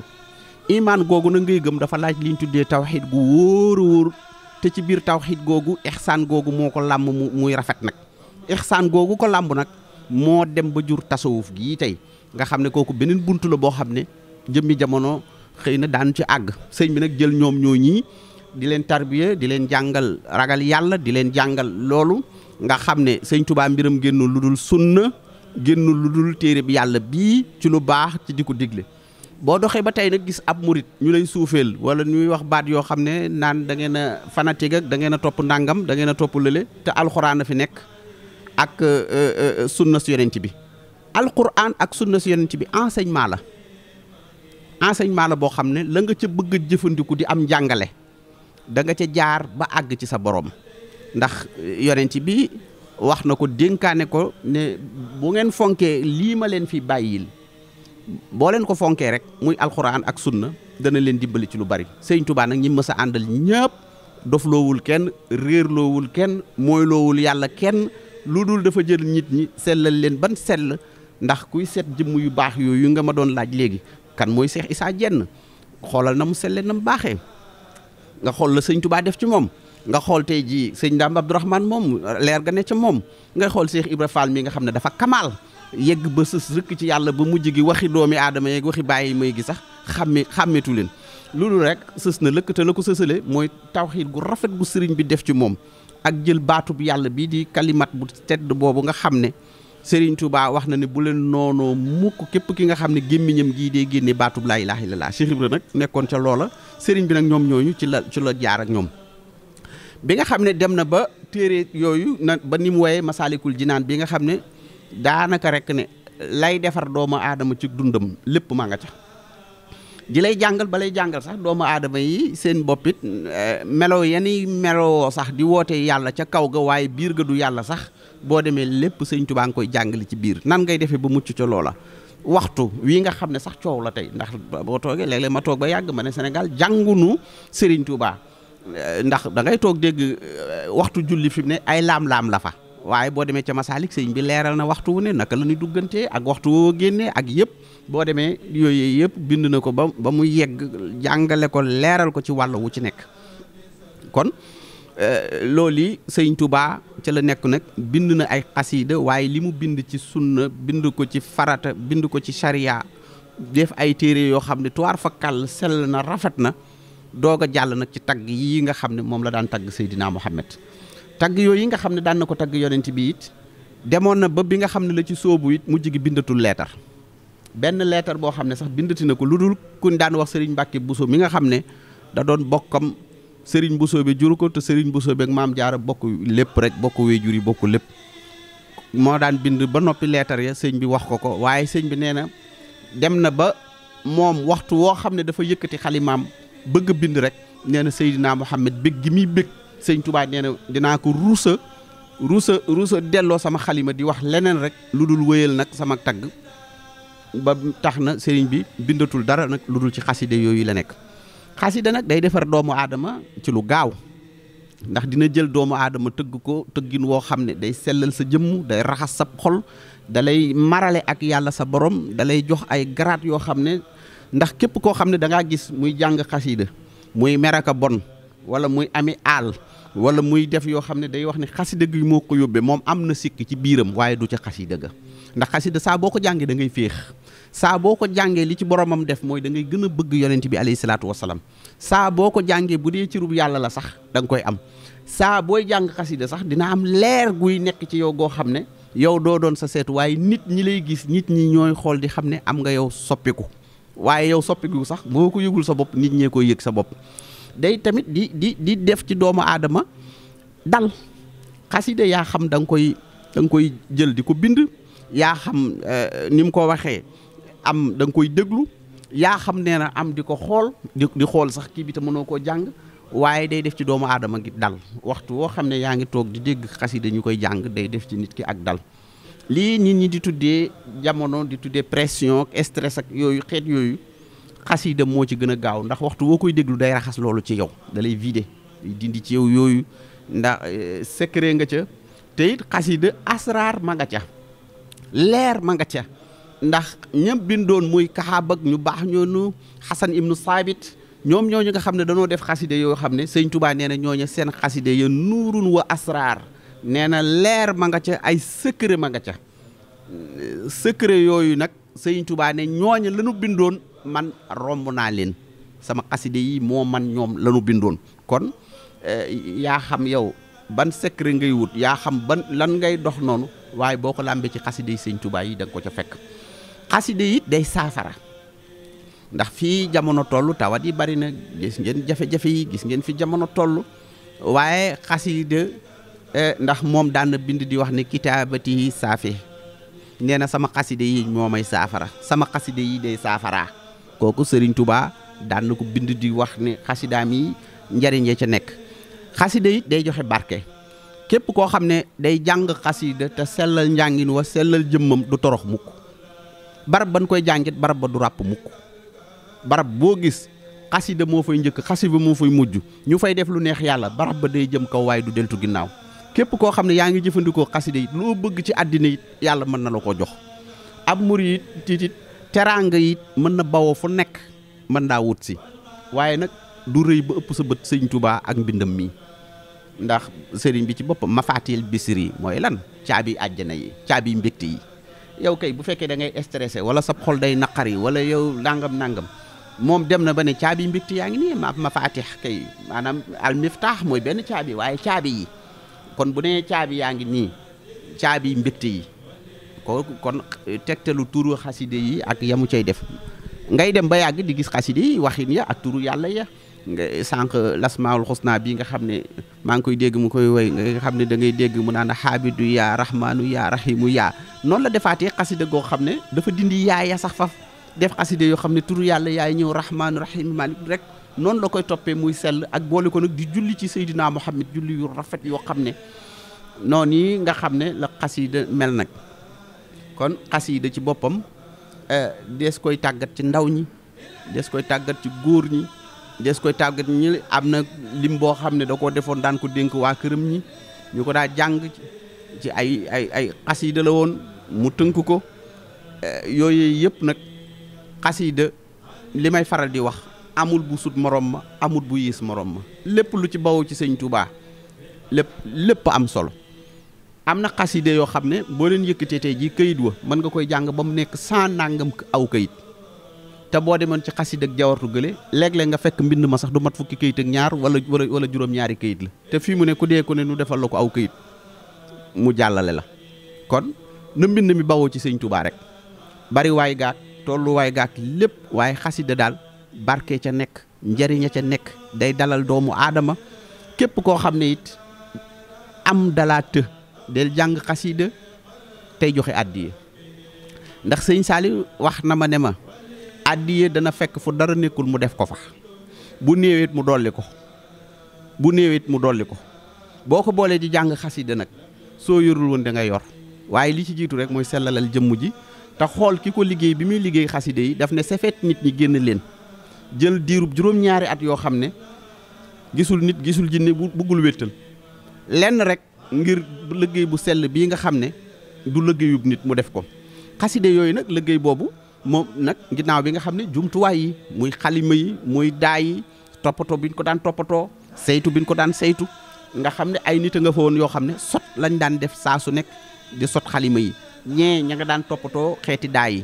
imaan googu nag ngay gëm dafa laaj li tuddee tawxiid gu wóor wóor te ci biir tawxiid googu ixsaan googu moo ko làmb mu muy rafet nag ixsaan googu ko làmb nag moo dem ba jur tasawuf gii tey nga xam ne kooku beneen buntu la boo xam ne jëmmi jamono xëy na daan ci àgg sëñ bi nag jël ñoom ñoo ñii di leen tarbiya di leen jàngal ragal yàlla di leen jàngal loolu nga xam ne sëñ tubaa mbiram génnul lu dul sunna génnul lu dul téere bi yàlla bii ci lu baax ci di ko digle boo doxee ba tey nag gis ab murit ñu lay suufeel wala ñuy wax baat yoo xam ne naan da ngeen a fanatique da ngeen a topp ndàngam da ngeen a topp lële te alxuraan a fi nekk ak euh, euh, euh, sunna si yonent bi alxuraan ak sunna si yonent bi enseignement la enseignement la boo xam ne la nga ca bëgg jëfandiku di am njàngale da nga ca jaar ba àgg ci sa borom ndax eh, yonent bi wax na ko dénkaane ko ne bu ngeen fonkee lii ma leen fi bàyyil boo leen ko fonkee rek muy alxuraan ak sunna dana leen dimbali ci lu bari sëñ Tuubaa nag ñi ma sa àndal ñëpp dofloowul kenn réerloowul kenn mooyloowul yàlla kenn lu dul dafa jël nit ñi sellal leen ban sell ndax kuy seet jëmm yu baax yooyu nga ma doon laaj léegi kan mooy Seex Isaa Jenn xoolal na mu selle na mu baaxee nga xool la sëñ Touba def ci moom nga xool tey jii sëñ Daam Abdourahmane moom leer ga ne ca moom ngay xool Cheikh Ibra Fall mi nga xam ne dafa kamaal yegg ba sës rëkk ci yàlla ba mujj gi waxi doomi aadama yeeg waxi bàyyi may gi sax xàmme xàmmetu leen loolu rek sës na lëkk te la ko sësale mooy tawxiid gu rafet gu sëriñ bi def ci moom ak jël baatub yàlla bii di kalimat bu tedd boobu nga xam ne Serigne Touba wax na ne bu leen noonoo mukk képp ki nga xam ne gémmiñam gii dee génne baatub laa ilaaha illallaah Cheikh Ibra nag nekkoon ca loola sëriñ bi nag ñoom ñooñu ci la ci la jaar ñoom. bi nga xam ne dem na ba téere yooyu na ba ni mu woyee Masaalikul Jinaan bi nga xam ne daanaka rek ne lay defar doomu aadama ci dundam lépp maa nga ca di lay jàngal ba lay jàngal sax doomu aadama yi seen boppit eh, melo yeni melowoo sax di woote yàlla ca kaw ga waaye biir ga du yàlla sax boo demee lépp sëñ Tuubaa ngi koy jàngale ci biir nan ngay defee ba mucc ca la waxtu wii nga xam ne sax coow la tey ndax boo toogee léeg-léeg ma toog ba yàgg ma ne Sénégal jàngunu Serigne Touba eh, ndax dangay toog dégg eh, waxtu julli fi mu ne ay laam-laam la fa waaye boo demee ca Masalik sëñ bi leeral na waxtu wu ne naka la ñuy duggantee ak waxtu woo génnee ak yëpp boo demee yooyu yëpp bind na ko ba ba mu yegg jàngale ko leeral ko ci wàll wu ci nekk kon. Euh, looli yi sëñ Touba ca la nekk nag bind na ay xasiida waaye li mu bind ci sunna bind ko ci farata bind ko ci charia def ay téere yoo xam ne tuwaar fa kàll sell na rafet na doog a jàll nag ci tagg yi nga xam ne moom la daan tagg Seydina Muhammad tagg yooyu yi nga xam ne daan na ko tagg yonent bi it demoon na ba bi nga xam ne la ci soobu it mujj gi bindatul leetar benn leetar boo xam ne sax bindati na ko lu dul kuñ daan wax sëriñ Mbacke Bousso mi nga xam ne sëriñ Bousso bi juru ko te sëriñ Bousso bi ak maam jaara bokk lépp rek bokk wéjur yi bokk lépp moo daan bind ba noppi leetar ya sëñ bi wax ko ko waaye sëñ bi nee na dem na ba moom waxtu woo xam ne dafa yëkkati xalimaam bëgg bind rek nee na Seydina Muhammad bëgg gi muy bëgg sëñ Tuubaa nee na dinaa ko ruusa ruusa ruusa delloo sama xalima di wax leneen rek lu dul wéyal nag sama tagg ba tax na sëriñ bi bindatul dara nag lu dul ci xaside yooyu la nekk xasida nag day defar doomu aadama ci lu gaaw ndax dina jël doomu aadama tëgg ko tëggin woo xam ne day sellal sa jëmm day raxas sa xol dalay marale ak yàlla sa borom dalay jox ay garaat yoo xam ne ndax képp koo xam ne da ngaa gis muy jàng xasida muy a bon wala muy ami aal wala muy def yoo xam ne day wax ne xasida gi moo ko yóbbee moom am na sikk ci biiram waaye du ca xasida ga ndax xasida saa boo ko jàngee da ngay féex saa boo ko jàngee li ci boromam def mooy da ngay gën a bëgg yonent bi alayhi salaatu wasalaam saa boo ko jàngee bu dee ci rub yàlla la sax danga koy am saa booy jàng xasida sax dina am leer guy nekk ci yow goo xam ne yow doo doon sa seetu waaye nit ñi lay gis nit ñi ñooy xool di xam ne am nga yow soppiku waaye yow soppiku sax boo ko yëgul sa bopp nit ñee koy yëg sa bopp day tamit di di di def ci doomu aadama dal xasida yaa xam danga koy danga koy jël di bind yaa xam euh, ni mu ko waxee am danga koy déglu yaa xam nee na am di ko xool di xool sax kii bi te mënoo koo jàng waaye day def ci doomu aadama gi dal waxtu woo xam ne yaa ngi toog di dégg xasida ñu koy jàng day def ci nit ki ak dal lii nit ñi di tuddee jamono di tuddee pression ak stress ak yooyu xeet yooyu xasida moo ci gën a gaaw ndax waxtu woo koy déglu day raxas loolu ci yow dalay lay dindi ci yow yooyu ndax eh, secret nga ca te it xasida asraar ma nga ca leer ma nga ca ndax ñëpp bindoon muy kaxaabag ñu baax ñoonu xasan ibnu saabit ñoom ñooñu nga xam ne dañoo def xaside yoo xam ne sëñ Tuubaa nee na ñooñu seen xaside ya nuurun wa asraar nee na leer ma nga ca ay secret ma nga ca secret yooyu nag sëñ Tuubaa ne ñooñu lañu bindoon man romb naa leen sama xaside yi moo man ñoom lañu bindoon kon eh, yaa xam yow ban secret ngay wut yaa xam ban lan ngay dox noonu waaye boo ko làmbee ci xaside yi sëñ Tuubaa yi da nga ko ca fekk xaside it day saafara ndax fii jamono toll tawat yi bari na gis ngeen jafe-jafe yi gis ngeen fi jamono toll waaye xaside eh, ndax moom daan na bind di wax ne kitaabati saafi nee na sama xaside yi moo may saafara sama xaside yi day saafaraa kooku sëriñ tubaa daan na ko bind di wax ne xasidaam yi njariñ ya ca nekk xaside it day joxe barke képp koo xam ne day jàng xasida te sellal njàngin wa sellal jëmmam du torox mukk barab ban koy jàngit barab ba du ràpp mukk barab boo gis xasida moo fay njëkk xasida moo fay mujj ñu fay def lu neex yàlla barab ba day jëm kaw du deltu ginnaaw képp koo xam ne yaa ngi jëfandikoo xasida yi loo bëgg ci àddina it yàlla mën na la ko jox ab murit it teraanga it mën na bawoo fu nekk mën daa wut si waaye nag du rëy ba ëpp sa bët sëñ tubaa ak mbindam mi ndax sëriñ bi ci boppam mafaatil bisiri mooy lan caabi àjjana yi caa mbégte yi yow kay bu fekkee dangay ngay stressé wala sa xol day naqari wala yow nangam nangam moom dem na ba ne caabi mbégte yaa ngi nii ma mafaatix kay maanaam al miftaax mooy benn caabi waaye caabi yi kon bu nee caabi yaa ngi nii caabi mbégte yi koo kon tegtalu turu xaside yi ak yamu cay def ngay dem ba yàgg di gis xaside yi waxin ya ak turu yàlla ya nga sànq lasmaawul xusnaa bii nga xam ne maa ngi koy dégg mu koy woy nga xam ne dangay dégg mu naan xaabidu yaa rahmaanu yaa rahimu yaa noon la defaatee xasida goo xam ne dafa dindi yaay yaaya sax fa def xasida yoo xam ne turu yàlla yaay ñëw rahmaanu rahimu malik rek noonu la koy toppee muy sell ak boole ko nag di julli ci Seydina Muhammad julli yu rafet yoo xam ne noonu yi nga xam ne la xasida mel nag kon xasida ci boppam eh, des koy tàggat ci ndaw ñi des koy tàggat ci góor ñi des koy tàggat ñi am na lim boo xam ne da koo defoon daan ko dénk waa këram ñi ñu ko daa jàng ci ay ay ay xasida la woon mu tënk ko eh, yooyu yëpp nag xasida li may faral di wax amul bu sut morom ma amul bu yiis morom ma lépp lu ci bawoo ci sëñ Touba lépp lépp am solo am na xasida yoo xam ne boo leen yëkkatee tey jii kayit wa mën nga koy jàng ba mu nekk sans nangam aw kayit te boo demoon ci xasid ak jawartu gële léeg-léeg nga fekk mbind ma sax du mat fukki kayit ak ñaar wala wala wala juróom-ñaari kayit la te fii mu ne ku dee ku ne nu defal la ko aw kayit mu jàllale la kon na mbind mi bawoo ci sëñ tubaa rek bari waay gaak tolluwaay gaak lépp waaye xasida daal barke ca nekk njariña ca nekk day dalal doomu aadama képp koo xam ne it am dalaat të del jàng xasida tey joxe yi ndax sëñ Saali wax na ma ne ma àddiyee dana fekk fu dara nekkul mu def ko fa bu néewit mu dolli ko bu néewit mu dolli ko boo ko boolee di jàng xasida nag soo yorul woon da nga yor waaye li ci jiitu rek mooy sellalal jëmm ji te xool ki ko liggéey bi muy liggéey xaside yi daf ne sefet nit ñi génn leen jël diirub juróom-ñaari at yoo xam ne gisul nit gisul jinne bu bëggul wéttal lenn rek ngir liggéey bu sell bii nga xam ne du liggéeyub nit mu def ko xasida yooyu nag liggéey boobu moom nag ginnaaw bi nga xam ne jumtuwaay yi muy xalima yi muy daay toppatoo bi ñu ko daan toppatoo saytu bi ñu ko daan saytu nga xam ne ay nit a nga fa woon yoo xam ne sot lañ daan def saa su nekk di sot xalima yi ñee ña nga daan toppatoo xeeti daay yi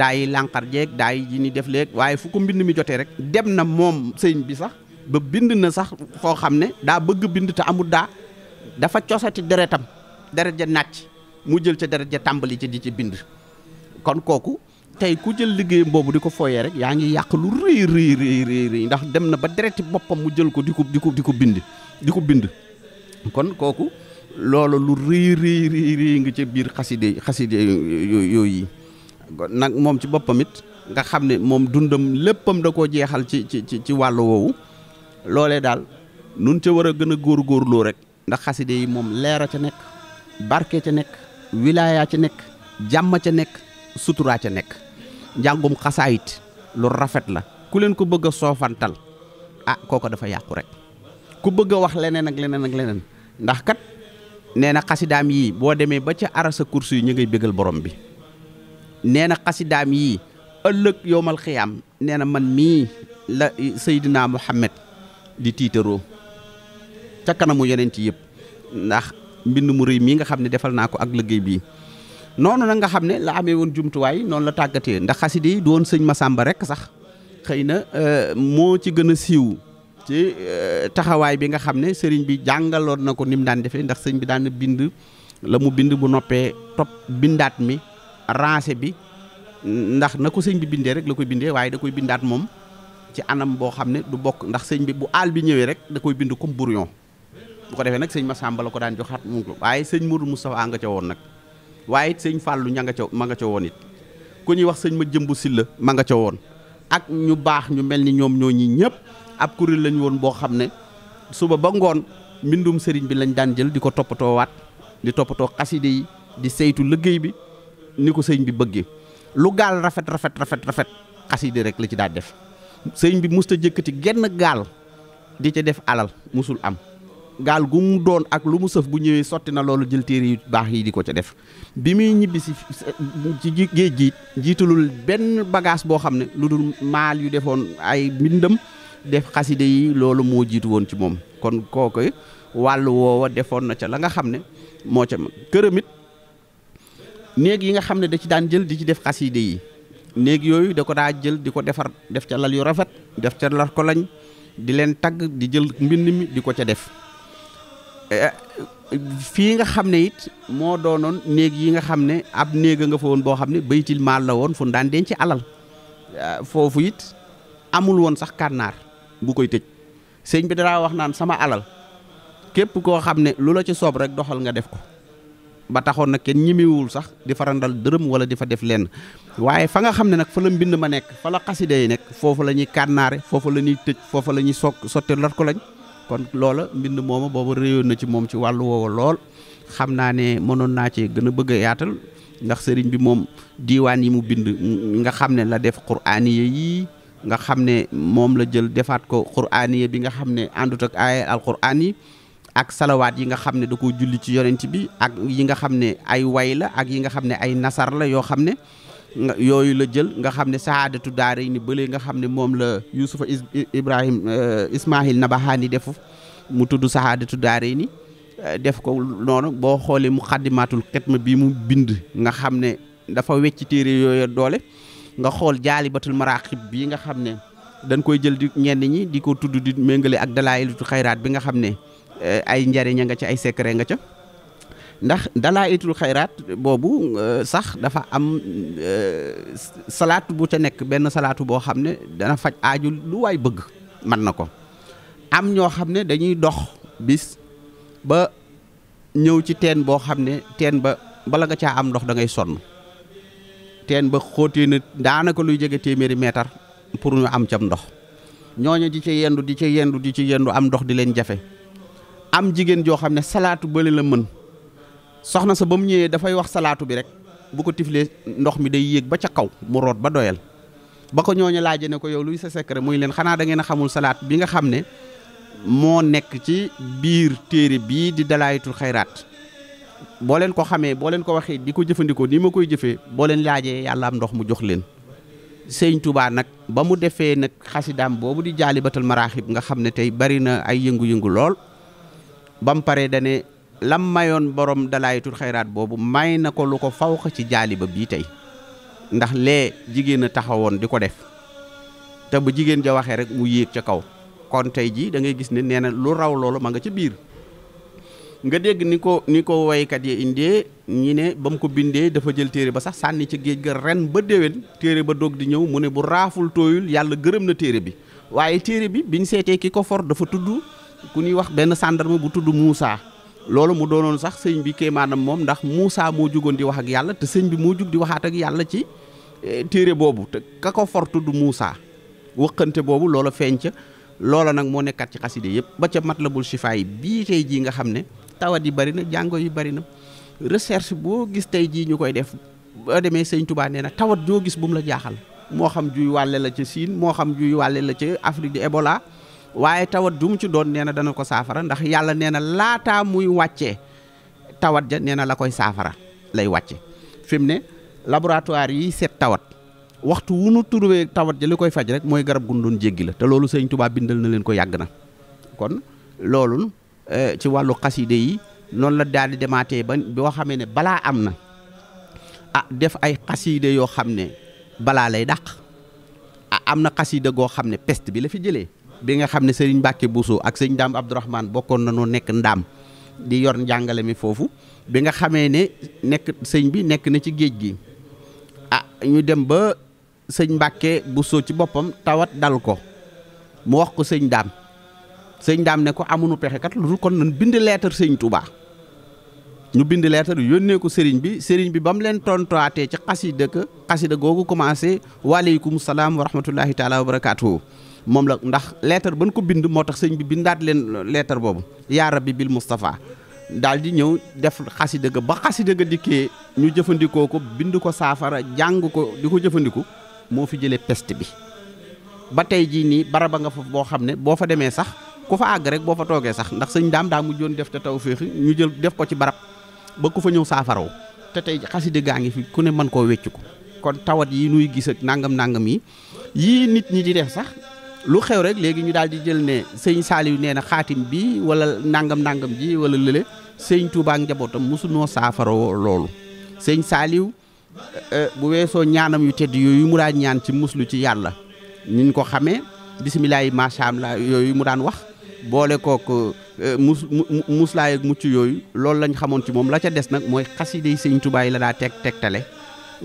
daay yi lànqar jeeg daayi yi ni def léeg waaye fu ko mbind mi jotee rek dem na moom sëñ bi sax ba bind na sax foo xam ne daa bëgg bind te amul daa dafa cosati deretam deret ja nàcc mu jël ca deret ja tàmbali ca di ci bind kon kooku tey ku jël liggéeyam boobu di ko fooyee rek yaa ngi yàq lu rëy rëy rëy ndax dem na ba dereti boppam mu jël ko di ko di ko di ko bind di ko bind kon kooku loolu lu rëy rëy rëy rëy nga ca biir xaside xaside yooyu yi nag moom ci boppam it nga xam ne moom dundam léppam da koo jeexal ci ci ci ci wàllu woowu loolee daal nun ca war a gën a góor góorgóorloo rek ndax xaside yi moom leera ca nekk barke ca nekk wilaya ca nekk jàmm ca nekk suturaa ca nekk njàngum xasaayit lu rafet la ku leen ko bëgg a soofantal ah kooko dafa yàqu rek ku bëgg a wax leneen ak leneen ak leneen ndax kat nee na xasidaam yii boo demee ba ca arasa kursu yi ñu ngay bégal borom bi nee na xasidaam yii ëllëg yowmal xiyaam nee na man mii la Seydina Muhammad di tiitaroo ca kanamu ci yëpp ndax mbind mu rëy mii nga xam ne defal naa ko ak liggéey bii noonu nag nga xam ne la amee woon jumtuwaay noonu la tàggatee ndax xasida yi doon sëñ Masamba rek sax xëy na euh, moo ci gën a siiw ci euh, taxawaay bi nga xam ne sëriñ bi jàngaloon na ko ni mu daan defee ndax sëñ bi daan bind la mu bind bu noppee topp bindaat mi rancé bi ndax na sëñ bi bindee rek la koy bindee waaye da koy bindaat moom ci anam boo xam ne du bokk ndax sëñ bi bu aal bi ñëwee rek da koy bind comme brouillon bu ko defee nag sëñ ma Masamba la ko daan joxaat mu waaye sëñ Mourou Moustapha nga ca woon nag. waaye it sëñ Fàllu ña nga ca ma nga ca woon it ku ñuy wax sëñ ma jëmbu silla ma nga ca woon ak ñu baax ñu mel ni ñoom ñoo ñi ñëpp ab kuréel lañ woon boo xam ne suba ba ngoon mbindum sëriñ bi lañ daan jël di ko toppatoo waat di toppatoo xaside yi di saytu liggéey bi ni ko sëñ bi bëgge lu gaal rafet rafet rafet rafet xaside rek la ci daal def sëñ bi musta jëkkati genn gaal di ca def alal musul am gaal gu mu doon ak lu mu sëf bu ñëwee sotti na loolu jël téere yu baax yi di ko ca def bi muy ñibbi si ci géej gi jiitalul benn bagage boo xam ne lu dul maal yu defoon ay mbindam def xaside yi loolu moo jiitu woon ci moom kon kooku wàllu woowa defoon na ca la nga xam ne moo ca këram it néeg yi nga xam ne da ci daan jël di ci def xaside yi néeg yooyu da ko daa jël di ko defar def ca lal yu rafet def ca lar ko lañ di leen tagg di jël mbind mi di ko ca def Eh, fii nga xam ne it moo doonoon néeg yi nga xam ne ab néeg a nga fa woon boo xam ne baytil maal la woon fu daan ci alal eh, foofu it amul woon sax kànnaar bu koy tëj sëñ bi dara wax naan sama alal képp koo xam ne lu la ci soob rek doxal nga def ko ba taxoon na kenn ñimiwul sax di farandal dërëm wala di fa def lenn waaye fa nga xam ne nag fa la mbind ma nekk fa la xasida nekk foofu la ñuy kànnaare foofu la ñuy tëj foofu la ñuy soog sotti lar ko lañ kon loola mbind mooma booba réyoon na ci moom ci wàllu woowa lool xam naa ne mënoon naa cee gën a bëgg a yaatal ndax sëriñ bi moom diwaan yi mu bind nga xam ne la def quraaniye yi nga xam ne moom la jël defaat ko quraaniye bi nga xam ne àndut ak aaya ak salawaat yi nga xam ne da koo julli ci yonent bi ak yi nga xam ne ay way la ak yi nga xam ne ay nasar la yoo xam ne nga yooyu la jël nga xam ne tu daara ni bale nga xam ne moom la Yuusufa Ibrahim euh, Ismaahil Nabahaani defu mu tudd tu daara ni euh, def ko noonu boo xoolee mu xaddimatul xetma bi mu bind nga xam ne dafa wecc téere yooyu doole nga xool jaalibatul maraqib bii nga xam ne dañ koy jël di ñenn ñi di ko tudd di méngale ak dalaayilatu xayraat bi nga xam ne euh, ay njariñ nga ca ay secret nga ca ndax dalaa itul xayraat boobu euh, sax dafa am euh, salaatu bu ca nekk benn salaatu boo xam ne dana faj aaju lu waay bëgg mën na ko am ñoo xam ne dañuy dox bis ba ñëw ci teen boo xam ne teen ba bala nga caa am ndox da ngay sonn teen ba xóotee na daanaka luy jege téeméeri meetar pour ñu am cam ndox ñooñu di ca yendu di ca yendu di ci yendu am ndox di leen jafe am jigéen joo xam ne salaatu bële la mën soxna sa ba mu ñëwee dafay wax salaatu bi rek bu ko tiflee ndox mi day yéeg ba ca kaw mu root ba doyal ba ko ñooñu laaje ne ko yow luy sa secret muy leen xanaa da ngeen a xamul salaat bi nga xam ne moo nekk ci biir téere bii di dalaayitul xayraat boo leen ko xamee boo leen ko waxee di ko jëfandikoo ni ma koy jëfee boo leen laajee yàlla am ndox mu jox leen sëñ Touba nag ba mu defee nag xasidaam boobu di jaalibatal maraaxib nga xam ne tey bari na ay yëngu lool lam mayoon borom dalaayitul xayraat boobu may na ko lu ko fawx ci jaaliba bii tey ndax lee jigéen a taxawoon di ko def te bu jigéen ja waxee rek mu yéeg ca kaw kon tey jii da ngay gis ne nee na lu raw loolu ma nga ca biir nga dégg ni ko ni ko waykat yi indee ñi ne ba mu ko bindee dafa jël téere ba sax sànni ca géej ga ren ba déwén téere ba dog di ñëw mu ne bu raaful tooyul yàlla gërëm na téere bi waaye téere bi biñ seetee ki ko for dafa tudd ku ñuy wax benn sàndarma bu tudd Muusaa loolu mu doonoon sax sëñ bi kéemaanam moom ndax Moussa moo jugoon di wax ak yàlla te sëñ bi moo jug di waxaat ak yàlla ci eh, téere boobu te kako ko fortu du muusaa wëqante boobu loola feeñ ca loola nag moo nekkat ci xaside yëpp ba ca mat la matlabul shifaay bii tey jii nga xam ne tawat yi bari na jàngo yi bari na recherche boo gis tey jii ñu koy def boo demee sëñ Touba nee na tawat joo gis bu la jaaxal moo xam juy wàlle la ca Siin moo xam juy wàlle la ca Afrique de Ebola waaye tawat jum ci doon nee na dana ko saafara ndax yàlla nee na laata muy wàccee tawat ja nee na la koy saafara lay wàcce fi mu ne laboratoire yi seet tawat waxtu wu nu trouvé tawat ja li koy faj rek mooy garab gu nu doon jéggi la te loolu sëñ Tuubaa bindal na leen ko yàgg na kon loolu eh, ci wàllu xaside yi noonu la daal di demaatee ba boo xamee ne balaa am na ah def ay xaside yoo xam ne balaa lay daq ah am na xaside goo xam ne peste bi la fi jëlee bi nga xam ne sëriñ Mbacke Bousso ak sëñ Daam Abdourahmane bokkoon na nañoo nekk ndaam di yor njàngale mi foofu bi nga xamee ne nekk sëñ bi nekk na ci géej gi a ah ñu dem ba sëñ Mbacke Bousso ci boppam tawat dal ko mu wax ko sëñ Daam sëñ Daam ne ko amuñu pexe kat lu dul kon nan bind leetar sëñ tubaa ñu bind leetar yónnee ko sëriñ bi sëriñ bi ba mu leen tontuwaatee ci xasida ka xasida googu commencé waaleykum salaam wa rahmatullahi wa barakaatuhu moom la ndax lettre ban ko bind moo tax sëñ bi bindaat leen lettre boobu yaa bi bil Moustapha daal di ñëw def xasida ga ba xasida ga dikkee ñu jëfandikoo ko bind ko saafara jàng ko di ko jëfandiku moo fi jëlee pest bi ba tey jii nii baraba nga fa boo xam ne boo fa demee sax ku fa àgg rek boo fa toogee sax ndax sëñ daam daa joon def te taw féexi ñu jël def ko ci barab ba ku fa ñëw saafaraw te tey xasida gaa ngi fi ku ne mën koo wecc ko kon tawat yi nuy gis nangam nangam yi yii nit ñi di def sax lu xew rek léegi ñu daal di jël ne sëñ Saaliw nee na xaatim bii wala nangam nangam ji wala lële sëñ Touba njabootam mosunoo saafara loolu sëñ Saaliw euh, euh, bu weesoo ñaanam yu tedd yooyu mu daan ñaan ci muslu ci yàlla ñun ko xamee bisimilah yi macha allah yooyu mu daan wax boole kook euh, mus muslaay ak mucc yooyu loolu lañ xamoon ci moom la ca des nag mooy xaside yi sëñ Touba yi la daa teg tegtale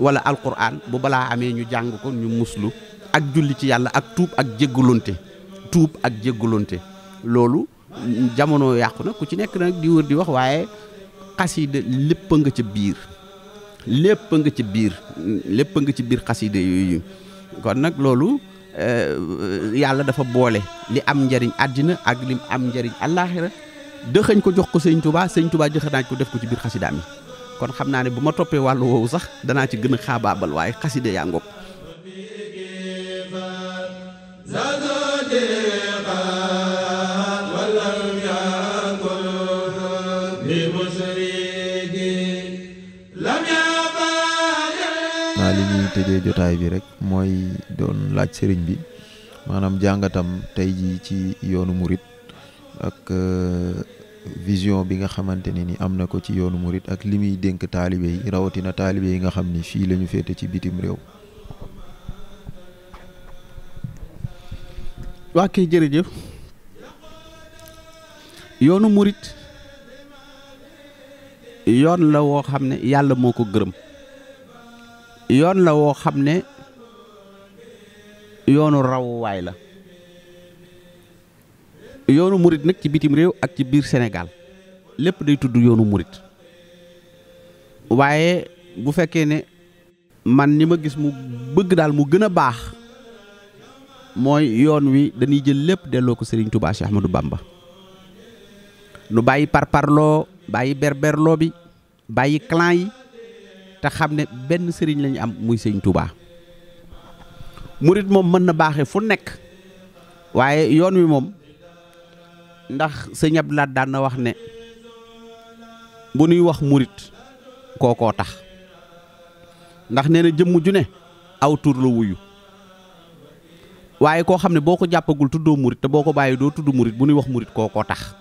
wala alquran bu balaa amee ñu jàng ko ñu muslu. ak julli ci yàlla ak tuub ak jéggalonte tuub ak jéggalonte loolu jamono yàqu na ku ci nekk nag di wër di wax waaye xasida lépp nga ca biir lépp nga ci biir lépp nga ci biir xasida yooyu kon nag loolu eh, yàlla dafa boole li am njariñ àddina ak li am njariñ àllaaxira dëxañ ko jox ko sëñ tubaa sëñ tubaa jëxanaaj ko def ko ci biir xasidaam yi kon xam naa ne bu ma toppee wàllu woowu sax danaa ci gën a xaabaabal waaye xasida yaa ngoog tëjee jotaay bi rek mooy doon laaj sëriñ bi maanaam jàngatam tey ji ci yoonu murit ak euh, vision bi nga xamante ni ni am na ko ci yoonu murit ak li muy dénk taalibe yi rawatina taalibe yi nga xam ni fii lañu ñu féete ci bitim réew. waa kay jërëjëf yoonu murit yoon la woo xam ne yàlla moo ko gërëm. yoon la woo xam ne yoonu rawuwaay la yoonu murit nag ci bitim réew ak ci biir Sénégal lépp day tudd yoonu murit waaye bu fekkee ne man ni ma gis mu bëgg daal mu gën a baax mooy yoon wi dañuy jël lépp delloo ko Serigne Touba Cheikh Ahmadou Bamba nu bàyyi parparloo bàyyi berberloo bi bàyyi clan yi te xam ne benn sëriñ lañu am muy sëñ Touba murit moom mën na baaxee fu nekk waaye yoon wi moom ndax sëñ Abdou daan na wax ne bu nuy wax murit koo tax ndax nee na jëmm ju ne aw tur la wuyu waaye koo xam ne boo ko jàppagul tuddoo murit te boo ko bàyyi doo tudd murit bu nuy wax murit kookoo tax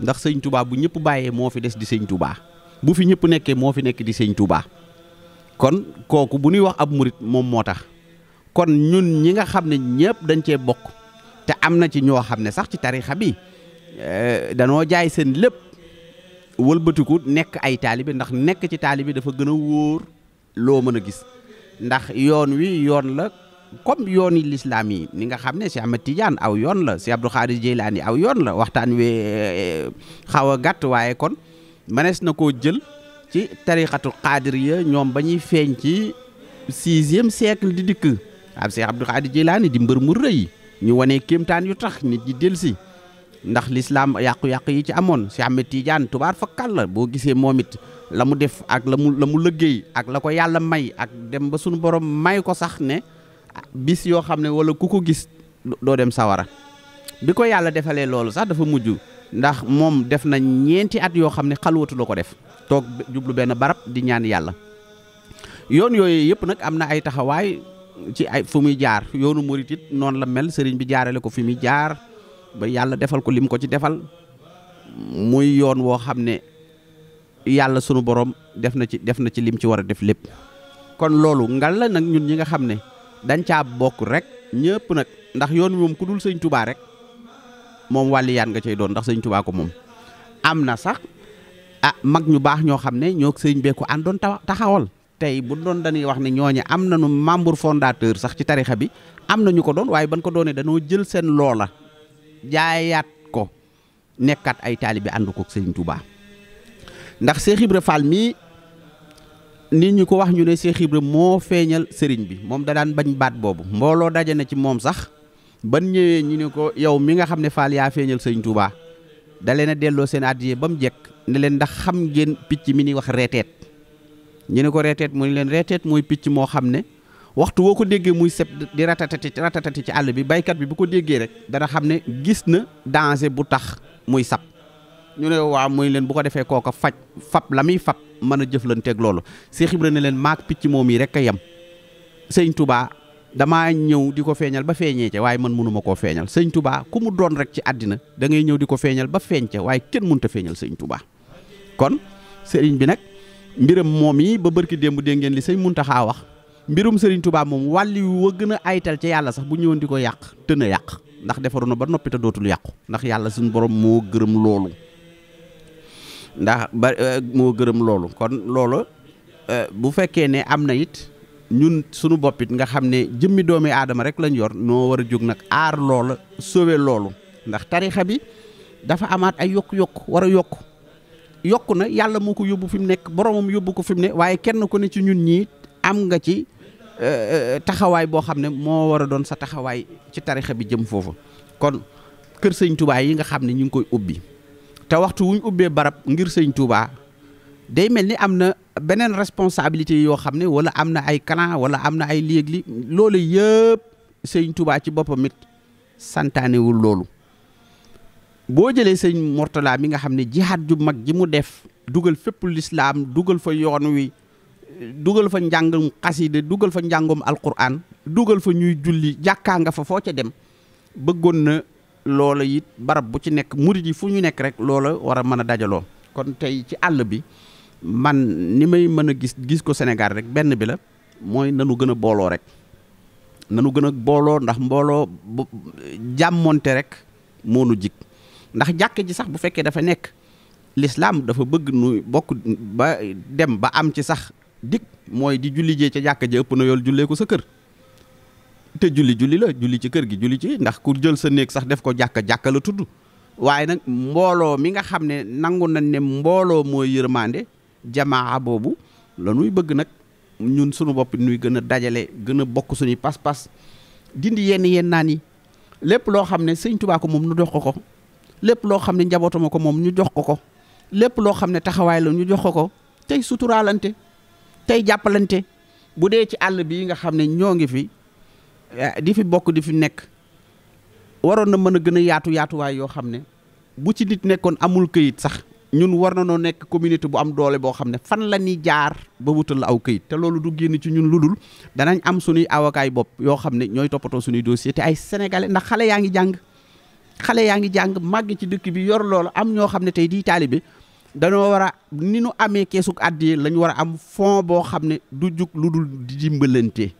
ndax sëñ Touba bu ñëpp bàyyee moo fi des di sëñ Touba bu fi ñëpp nekkee moo fi nekk di sëñ Touba kon kooku bu ñuy wax ab murit moom moo tax kon ñun ñi nga xam ne ñëpp dañ cee bokk te am na ci ñoo xam ne sax ci tarixa bi eh, danoo jaay seen lépp wëlbatiku nekk ay taalibe ndax nekk ci taalibe dafa gën a wóor loo mën a gis ndax yoon wi yoon la comme yoon yi lislaam yi ni nga xam ne si Ahmad Tidiane aw yoon la si Abdou Khadir Jeylaani aw yoon la waxtaan wi eh, eh, xaw a gàtt waaye kon mënees na koo jël ci tarixatu ya ñoom ba ñuy feeñ ci sixième siècle di dikk ab Seex Abdul Xaadir Jilaani di mbër mu rëy ñu wane kéemtaan yu tax nit ñi delsi ndax lislaam yàqu-yàqu yi ci amoon Seex Ahmed Tidiane tubaar fa kàlla boo gisee moom it la mu def ak la mu la mu lëggéey ak la ko yàlla may ak dem ba suñu borom may ko sax ne ah, bis yoo xam ne wala ku ko gis doo dem sawara bi ko yàlla defalee loolu sax dafa mujj ndax moom def na ñeenti at yoo xam ne xalwatu ko def toog jublu benn barab di ñaan yàlla yoon yooyu yëpp nag am na ay taxawaay ci ay fu muy jaar yoonu murit it noonu la mel sëriñ bi jaarale ko fi muy jaar ba yàlla defal ko lim ko ci defal muy yoon woo xam ne yàlla sunu boroom def na ci def na ci lim ci war a def lépp kon loolu ngal la nag ñun ñi nga xam ne dañ caa bokk rek ñëpp nag ndax yoon wi moom ku dul sëñ tubaa rek moom wàlli yaan nga cey doon ndax sëñ tubaa ko moom am na sax ah mag ñu baax ñoo xam ne ñoo sëriñ bee ko àndoon taxawal tey bu doon dañuy wax ne ñooñu am nañu membre fondateur sax ci tarixa bi am na ñu ko doon waaye ban ko doonee dañoo jël seen loola jaayaat ko nekkaat ay taalibe ànd ko sëriñ Touba ndax Cheikh Ibra mii nit ñu ko wax ñu ne Cheikh moo feeñal sëriñ bi moom da daan bañ baat boobu mbooloo daje na ci moom sax ban ñëwee ñu ne ko yow mi nga xam ne Fall yaa feeñal sëriñ Touba. da leen a delloo seen addiya ba mu jekk ne leen ndax xam ngeen picc mi ni wax reeteet ñu ne ko reeteet mu ne leen reeteet mooy picc moo xam ne waxtu woo ko déggee muy seb di ratatati ratatati ci àll bi baykat bi bu ko déggee rek dara xam ne gis na danger bu tax muy sab ñu ne waaw muy leen bu ko defee kooka faj fab la muy fab mën a jëflanteeg loolu Seex Ibra ne leen maak picc moom yi rek a yem sëñ Touba damaa ñëw di ko feeñal ba feeñee ca waaye man mënuma koo feeñal sëñ tubaa ku mu doon rek ci àddina dangay ñëw di ko feeñal ba feeñ ca waaye kenn mënta feeñal sëñ tubaa kon sëriñ bi nag mbiram moom yi ba bërki démb dégg ngeen li sëñ Muntaxa wax mbirum sëriñ tubaa moom wàlli wa gën a aytal ca yàlla sax bu ñëwoon di ko yàq tën a yàq ndax defaru na ba noppi te dootul yàqu ndax yàlla suñ borom moo gërëm loolu ndax ba euh, moo gërëm loolu kon loolu euh, bu fekkee ne am na it ñun suñu boppit nga xam ne jëmmi doomi aadama rek lañ yor noo war a jóg nag aar loola sauver loolu ndax tarixa bi dafa amaat ay yokk-yokk war a yokk yokk na yàlla moo ko yóbbu fi mu nekk boromam yóbbu ko fi ne waaye kenn ku ne ci ñun ñii am nga ci euh, euh, taxawaay boo xam ne moo war a doon sa taxawaay ci tarixa bi jëm foofu kon kër sëñ Touba yi nga xam ne ñu ngi koy ubbi te waxtu wuñ ubbee barab ngir sëñ Touba day mel ni am na beneen responsabilité yoo xam ne wala am na ay clan wala am na ay léegi loolu yëpp sëñ Touba ci boppamit it santaanewul loolu boo jëlee sëñ Mortala mi nga xam ne jihaat ju mag ji mu def dugal fépp lislaam dugal fa yoon wi dugal fa njàngum xaside dugal fa njàngum alquran dugal fa ñuy julli jàkkaa nga fa foo ci dem bëggoon na loola it barab bu ci nekk murid yi fu ñu nekk rek loola war a mën a dajaloo kon tey ci àll bi man ni may mën a gis gis ko senegal rek benn bi la mooy nanu gën a booloo rek nanu gën a booloo ndax mbooloo jàmmoonte rek moo nu jig ndax jàkk ji sax bu fekkee dafa nekk lislaam dafa bëgg nu bokk ba dem ba am ci sax dikk mooy di julli jee ca jàkk ji ëpp na yool jullee ko sa kër te julli julli la julli ci kër gi julli ci ndax ku jël sa néeg sax def ko jàkka jàkka la tudd waaye nag mbooloo mi nga xam ne nangu nañ ne mbooloo mooy yërmande jamaa boobu la nuy bëgg nag ñun sunu bopp nuy gën a dajale gën a bokk suñuy pas-pas dindi yenn yenn naan yi lépp loo xam ne sëñ Tuubaa ko moom nu dox ko ko lépp loo xam ne njabootama ko moom ñu jox ko ko lépp loo xam ne taxawaay la ñu jox ko ko tey suturaalante tey jàppalante bu dee ci àll bii nga xam ne ñoo ngi fi eh, di fi bokk di fi nekk waroon na mën a gën a yaatu yaatuwaay yoo xam ne bu ci nit nekkoon amul kayit sax ñun war na noo nekk communauté bu am doole boo xam ne fan la ñuy jaar ba wutal la aw këyit te loolu du génn ci ñun lu dul danañ am suñuy awakaay bopp yoo xam ne ñooy toppatoo suñuy dossier te ay sénégalais ndax xale yaa ngi jàng xale yaa ngi jàng màgg ci dëkk bi yor loolu am ñoo xam ne tey di taalibe dañoo war a ni nu amee keesug àddiya yi ñu war a am fond boo xam ne du jug lu dul di dimbalante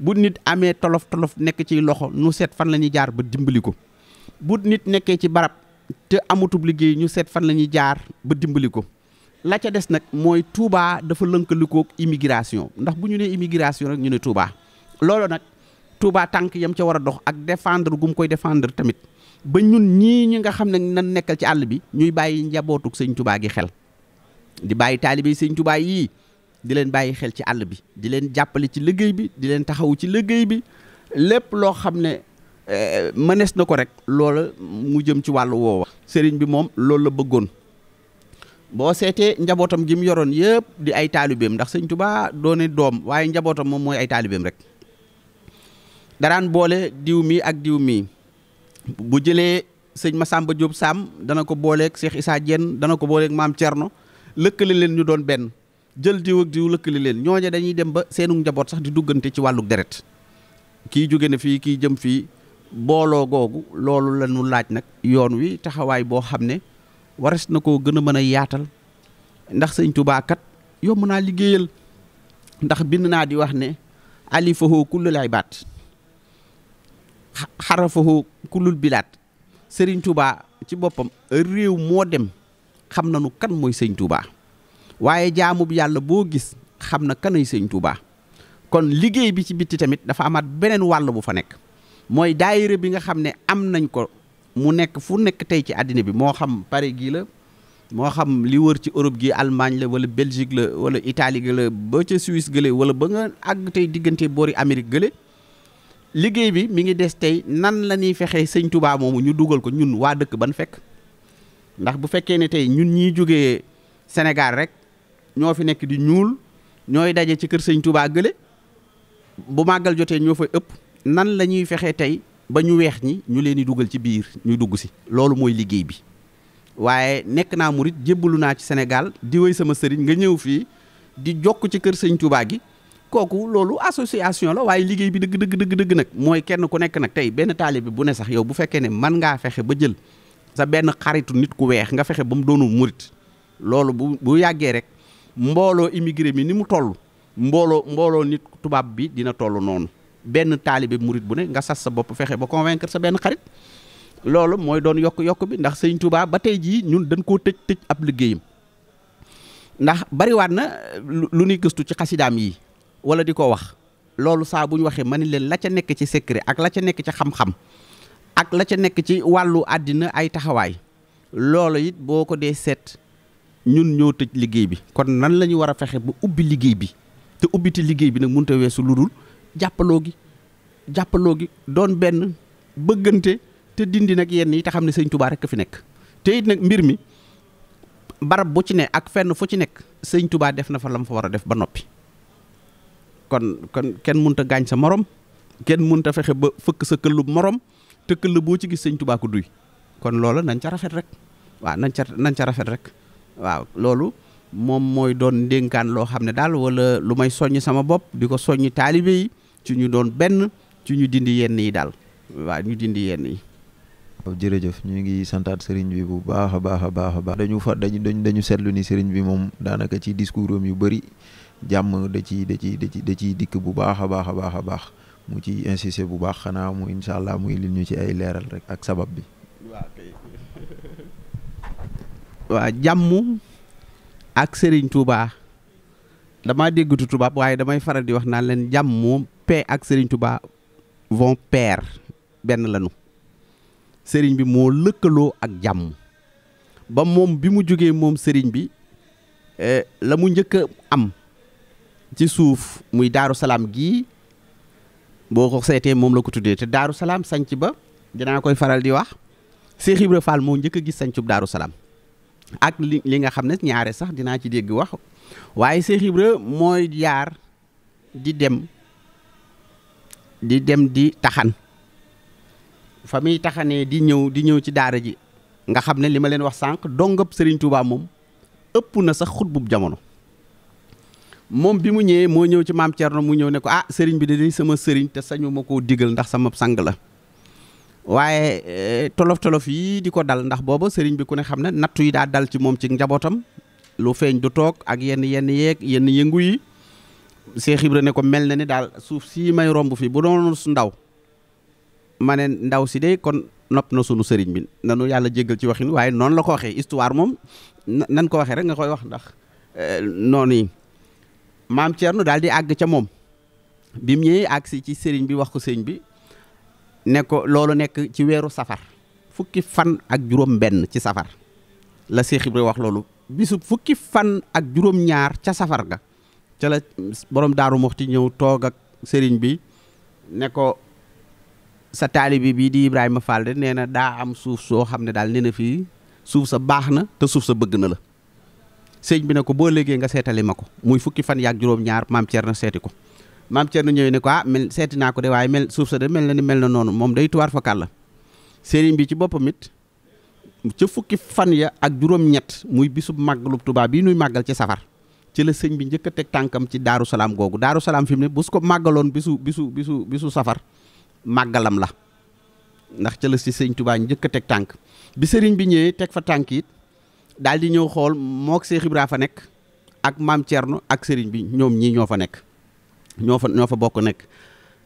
bu nit amee tolof tolof nekk ci loxo nu seet fan la ñuy jaar ba dimbali ko te amutub liggéey ñu seet fan la ñuy jaar ba dimbali ko la ca des nag mooy Touba dafa lënkalikook immigration ndax bu ñu nee immigration rek ñu ne Touba loolu nag Touba tànk yam ca war a dox ak défendre gum koy défendre tamit ba ñun ñii ñi nga xam ne nan nekkal ci àll bi ñuy bàyyi njabootug sëñ Touba gi xel di bàyyi taalibe sëñ Touba yii di leen bàyyi xel ci àll bi di leen jàppale ci liggéey bi di leen taxawu ci liggéey bi lépp loo xam ne Euh, mënees na ko rek loola mu jëm ci wàllu woowa. sëriñ bi moom loolu la bëggoon boo seetee njabootam gi mu yoroon yëpp di ay taalibeem ndax sëñ Tuubaa doone doom waaye njabootam moom mooy ay taalibeem rek daraan boole diw mii ak diw mii bu jëlee sëñ ma sàmba jóob Sam dana ko booleeg Cheikh Issa Diène dana ko booleek maam Thierno lëkkale leen ñu doon benn jël diw ak diw lëkkale leen ñooñe dañuy dem ba seenu njaboot sax di duggante ci wàllu deret kii jóge na fii kii jëm fii. booloo googu loolu la laaj nag yoon wi taxawaay boo xam ne wares na koo gën a mën a yaatal ndax sëñ Tuubaa kat yomb naa liggéeyal ndax bind naa di wax ne alifahoo kullul ibaat xarafahoo kullul bilaat sëriñ tubaa ci boppam réew moo dem xam na nu kan mooy sëñ waaye jaamub yàlla boo gis xam na kanay sëñ Tuubaa kon liggéey bi ci bitti tamit dafa amaat beneen wàll bu fa nekk mooy daayira bi nga xam ne am nañ ko mu nekk fu nekk tey ci àddina bi moo xam pare gii la moo xam li wër ci Europe gii Allemagne la wala Belgique la wala itaali gi la ba ca Suisse gële wala ba nga àgg tey diggante boori Amérique gële liggéey bi mi ngi des tey nan la ñuy fexee sëñ Touba moomu ñu dugal ko ñun waa dëkk ban fekk ndax bu fekkee ne tey ñun ñiy jógee Sénégal rek ñoo fi nekk di ñuul ñooy daje ci kër sëñ Touba gële bu màggal jotee ñoo fay ëpp nan la ñuy fexee tey ba ñu weex ñi ñu leen di dugal ci biir ñuy dugg si loolu mooy liggéey bi waaye nekk naa murit jébbalu naa ci Sénégal di wéy sama sëriñ nga ñëw fii di jokk ci kër sëñ Touba gi kooku loolu association la waaye liggéey bi dëgg dëgg dëgg dëgg nag mooy kenn ku nekk nag tey benn taalibe bu ne sax yow bu fekkee ne man ngaa fexe ba jël sa benn xaritu nit ku weex nga fexe ba mu doonu murit loolu bu bu yàggee rek mbooloo immigré mi ni mu toll mbooloo mbooloo nit tubaab bi dina toll noonu benn taalibe murit bu ne nga sas sa bopp fexe ba convaincre sa benn xarit loolu mooy doon yokk-yokk bi ndax sañ tubaab ba tey jii ñun dañ koo tëj tëj ab liggéeyam ndax bariwaat na lu ñuy gëstu ci xasidaam yi wala di ko wax loolu saa bu ñu waxee ma ni leen la ca nekk ci secret ak la ca nekk ci xam-xam ak la ca nekk ci wàllu àddina ay taxawaay loolu it boo ko dee seet ñun ñoo tëj liggéey bi kon nan la ñu war a fexe ba ubbi liggéey bi te ubbiti liggéey bi nag mënut weesu lu jàppaloo gi jàppaloo gi doon benn bëggante te dindi nag yenn yi te xam ne sëñ tubaa rek fi nekk te it nag mbir mi barab bu ci ne ak fenn fu ci nekk sëñ tubaa def na fa la mu fa war a def ba noppi kon kon kenn mun ta gaañ sa moroom kenn mun ta fexe ba fëkk sa këllu moroom te këll boo ci gis sëñ tubaa ko duy kon loola nañ ca rafet rek waa nañ ca nañ ca rafet rek waaw loolu moom mooy doon ndénkaan loo xam ne daal walla lu may soññ sama bopp di ko soññ taalibe su ñu doon benn ci ñu dindi yenn yi daal waa ñu dindi yenn yi. jërëjëf ñu ngi santaat sëriñ bi bu baax a baax a baax a baax dañu fa dañu dañu seetlu ni sëriñ bi moom daanaka ci discours am yu bëri jàmm da ci da ci da ciy dikk bu baax a baax a baax a baax mu ci insisté bu baax xanaa mu incha allah muy li ñu ci ay leeral rek ak sabab bi. waa jàmm ak sëriñ Touba. damaa déggatu tubaab waaye damay faral di wax naa leen jàmm moom paix ak sëriñ Touba vont pair benn lanu sëriñ bi moo lëkkaloo ak jàmm ba moom bi mu jógee moom sëriñ bi eh, la mu njëkk a am ci suuf muy Daaru Salaam gii boo ko seetee moom la ko tuddee te Daaru Salaam sanc ba dinaa koy faral di wax Cheikh Ibra Fall moo njëkk a gis sancub Daaru Salaam ak li li nga xam ne ñaare sax dinaa ci dégg wax waaye Cheikh Ibra mooy jaar di dem di dem di taxan fa muy taxanee di ñëw di ñëw ci daara ji nga xam ne li ma leen wax sànq dongab sëriñ Touba moom ëpp na sax xutbub jamono moom bi mu ñëwee moo ñëw ci maam na mu ñëw ne ko ah sëriñ bi de sama Serigne te sañu ma koo digal ndax sama sang la waaye eh, tolof tolof yi di ko dal ndax booba Serigne bi ku ne xam ne nattu yi daa dal ci moom ci njabootam. lu feeñ du toog ak yenn yenn yeeg yenn yëngu yi Cheikh Ibra ne ko mel na ni daal suuf sii may romb fii bu doon ndaw ma ne ndaw si de kon nopp na sunu sëriñ bi nanu yàlla jéggal ci waxin waaye noonu la ko waxee histoire moom nan ko waxee rek nga koy wax ndax eh, noonu yi maam Thierno daal di àgg ca moom bi mu ñëwee àgg si ci sëriñ bi wax ko sëriñ bi ne loolu nekk ci weeru safar fukki fan ak juróom benn ci safar la Cheikh Ibrahima wax loolu bisu fukki fan ak juróom-ñaar ca safar ga ca la borom daaru muxti ñëw toog ak sëriñ bi ne ko sa taalibi bii di Ibrahima Fall de nee na daa am suuf soo xam ne daal nee na fii suuf sa baax na te suuf sa bëgg na la sëñ bi ne ko boo léegee nga seetali ma ko muy fukki fan yaak juróom-ñaar maam Thierno seeti ko maam na ñëwee ne ko ah mel seeti naa ko de waaye mel suuf sa de mel na ni mel na noonu moom day tuwaar fa kàlla sëriñ bi ci boppam ca fukki fan ya ak juróom-ñett muy bisub màggalub tubaab bi nuy màggal ci safar ci la sëñ bi njëkk a teg tànkam ci daaru salaam googu daaru salaam fi mu ne bu su ko màggaloon bisu bisu bisu bisu safar màggalam la ndax ca la si sëñ Tuubaa njëkk a teg tànk bi sëriñ bi ñëwee teg fa tànk it daal di ñëw xool mook Seex Ibra fa nekk ak maam Thierno ak sëriñ bi ñoom ñii ñoo fa nekk ñoo fa ñoo fa bokk nekk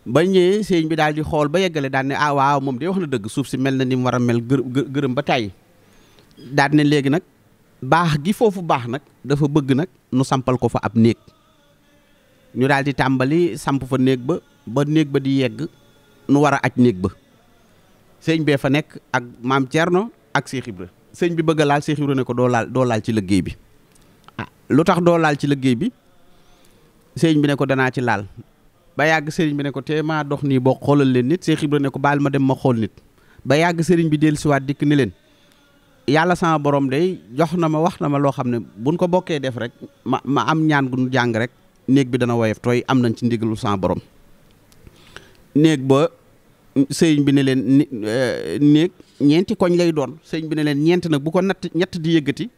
ba ñëwee sëriñ bi daal di xool ba yeggale daal ne ah moom day wax na dëgg suuf si mel na ni war a mel gërëm ba tàyyi daal ne léegi nag baax gi foofu baax nag dafa bëgg nag nu sampal ko fa ab néeg ñu daal di tàmbali samp fa néeg ba ba néeg ba di yegg nu war a aj néeg ba sëñ bee fa nekk ak maam Thierno ak Cheikh Ibra sëñ bi bëgg a laal Cheikh Ibra ne ko doo laal doo laal ci liggéey bi ah lu tax doo laal ci liggéey bi sëñ bi ne ko danaa ci laal ba yàgg sëriñ bi ne ko te maa dox nii boo xoolal leen nit Cheikh Ibra ne ko baal ma dem ma xool nit ba yàgg sëriñ bi dellusiwaat dikk ni leen yàlla sama borom day jox na ma wax na ma loo xam ne buñ ko bokkee def rek ma ma am ñaan gu jàng rek néeg bi dana woyof tooy am nañ ci lu sama borom néeg ba sëñ bi ne leen euh, néeg ñeenti koñ lay doon sëñ bi ne leen ñeent nag bu ko natt ñett di yëggati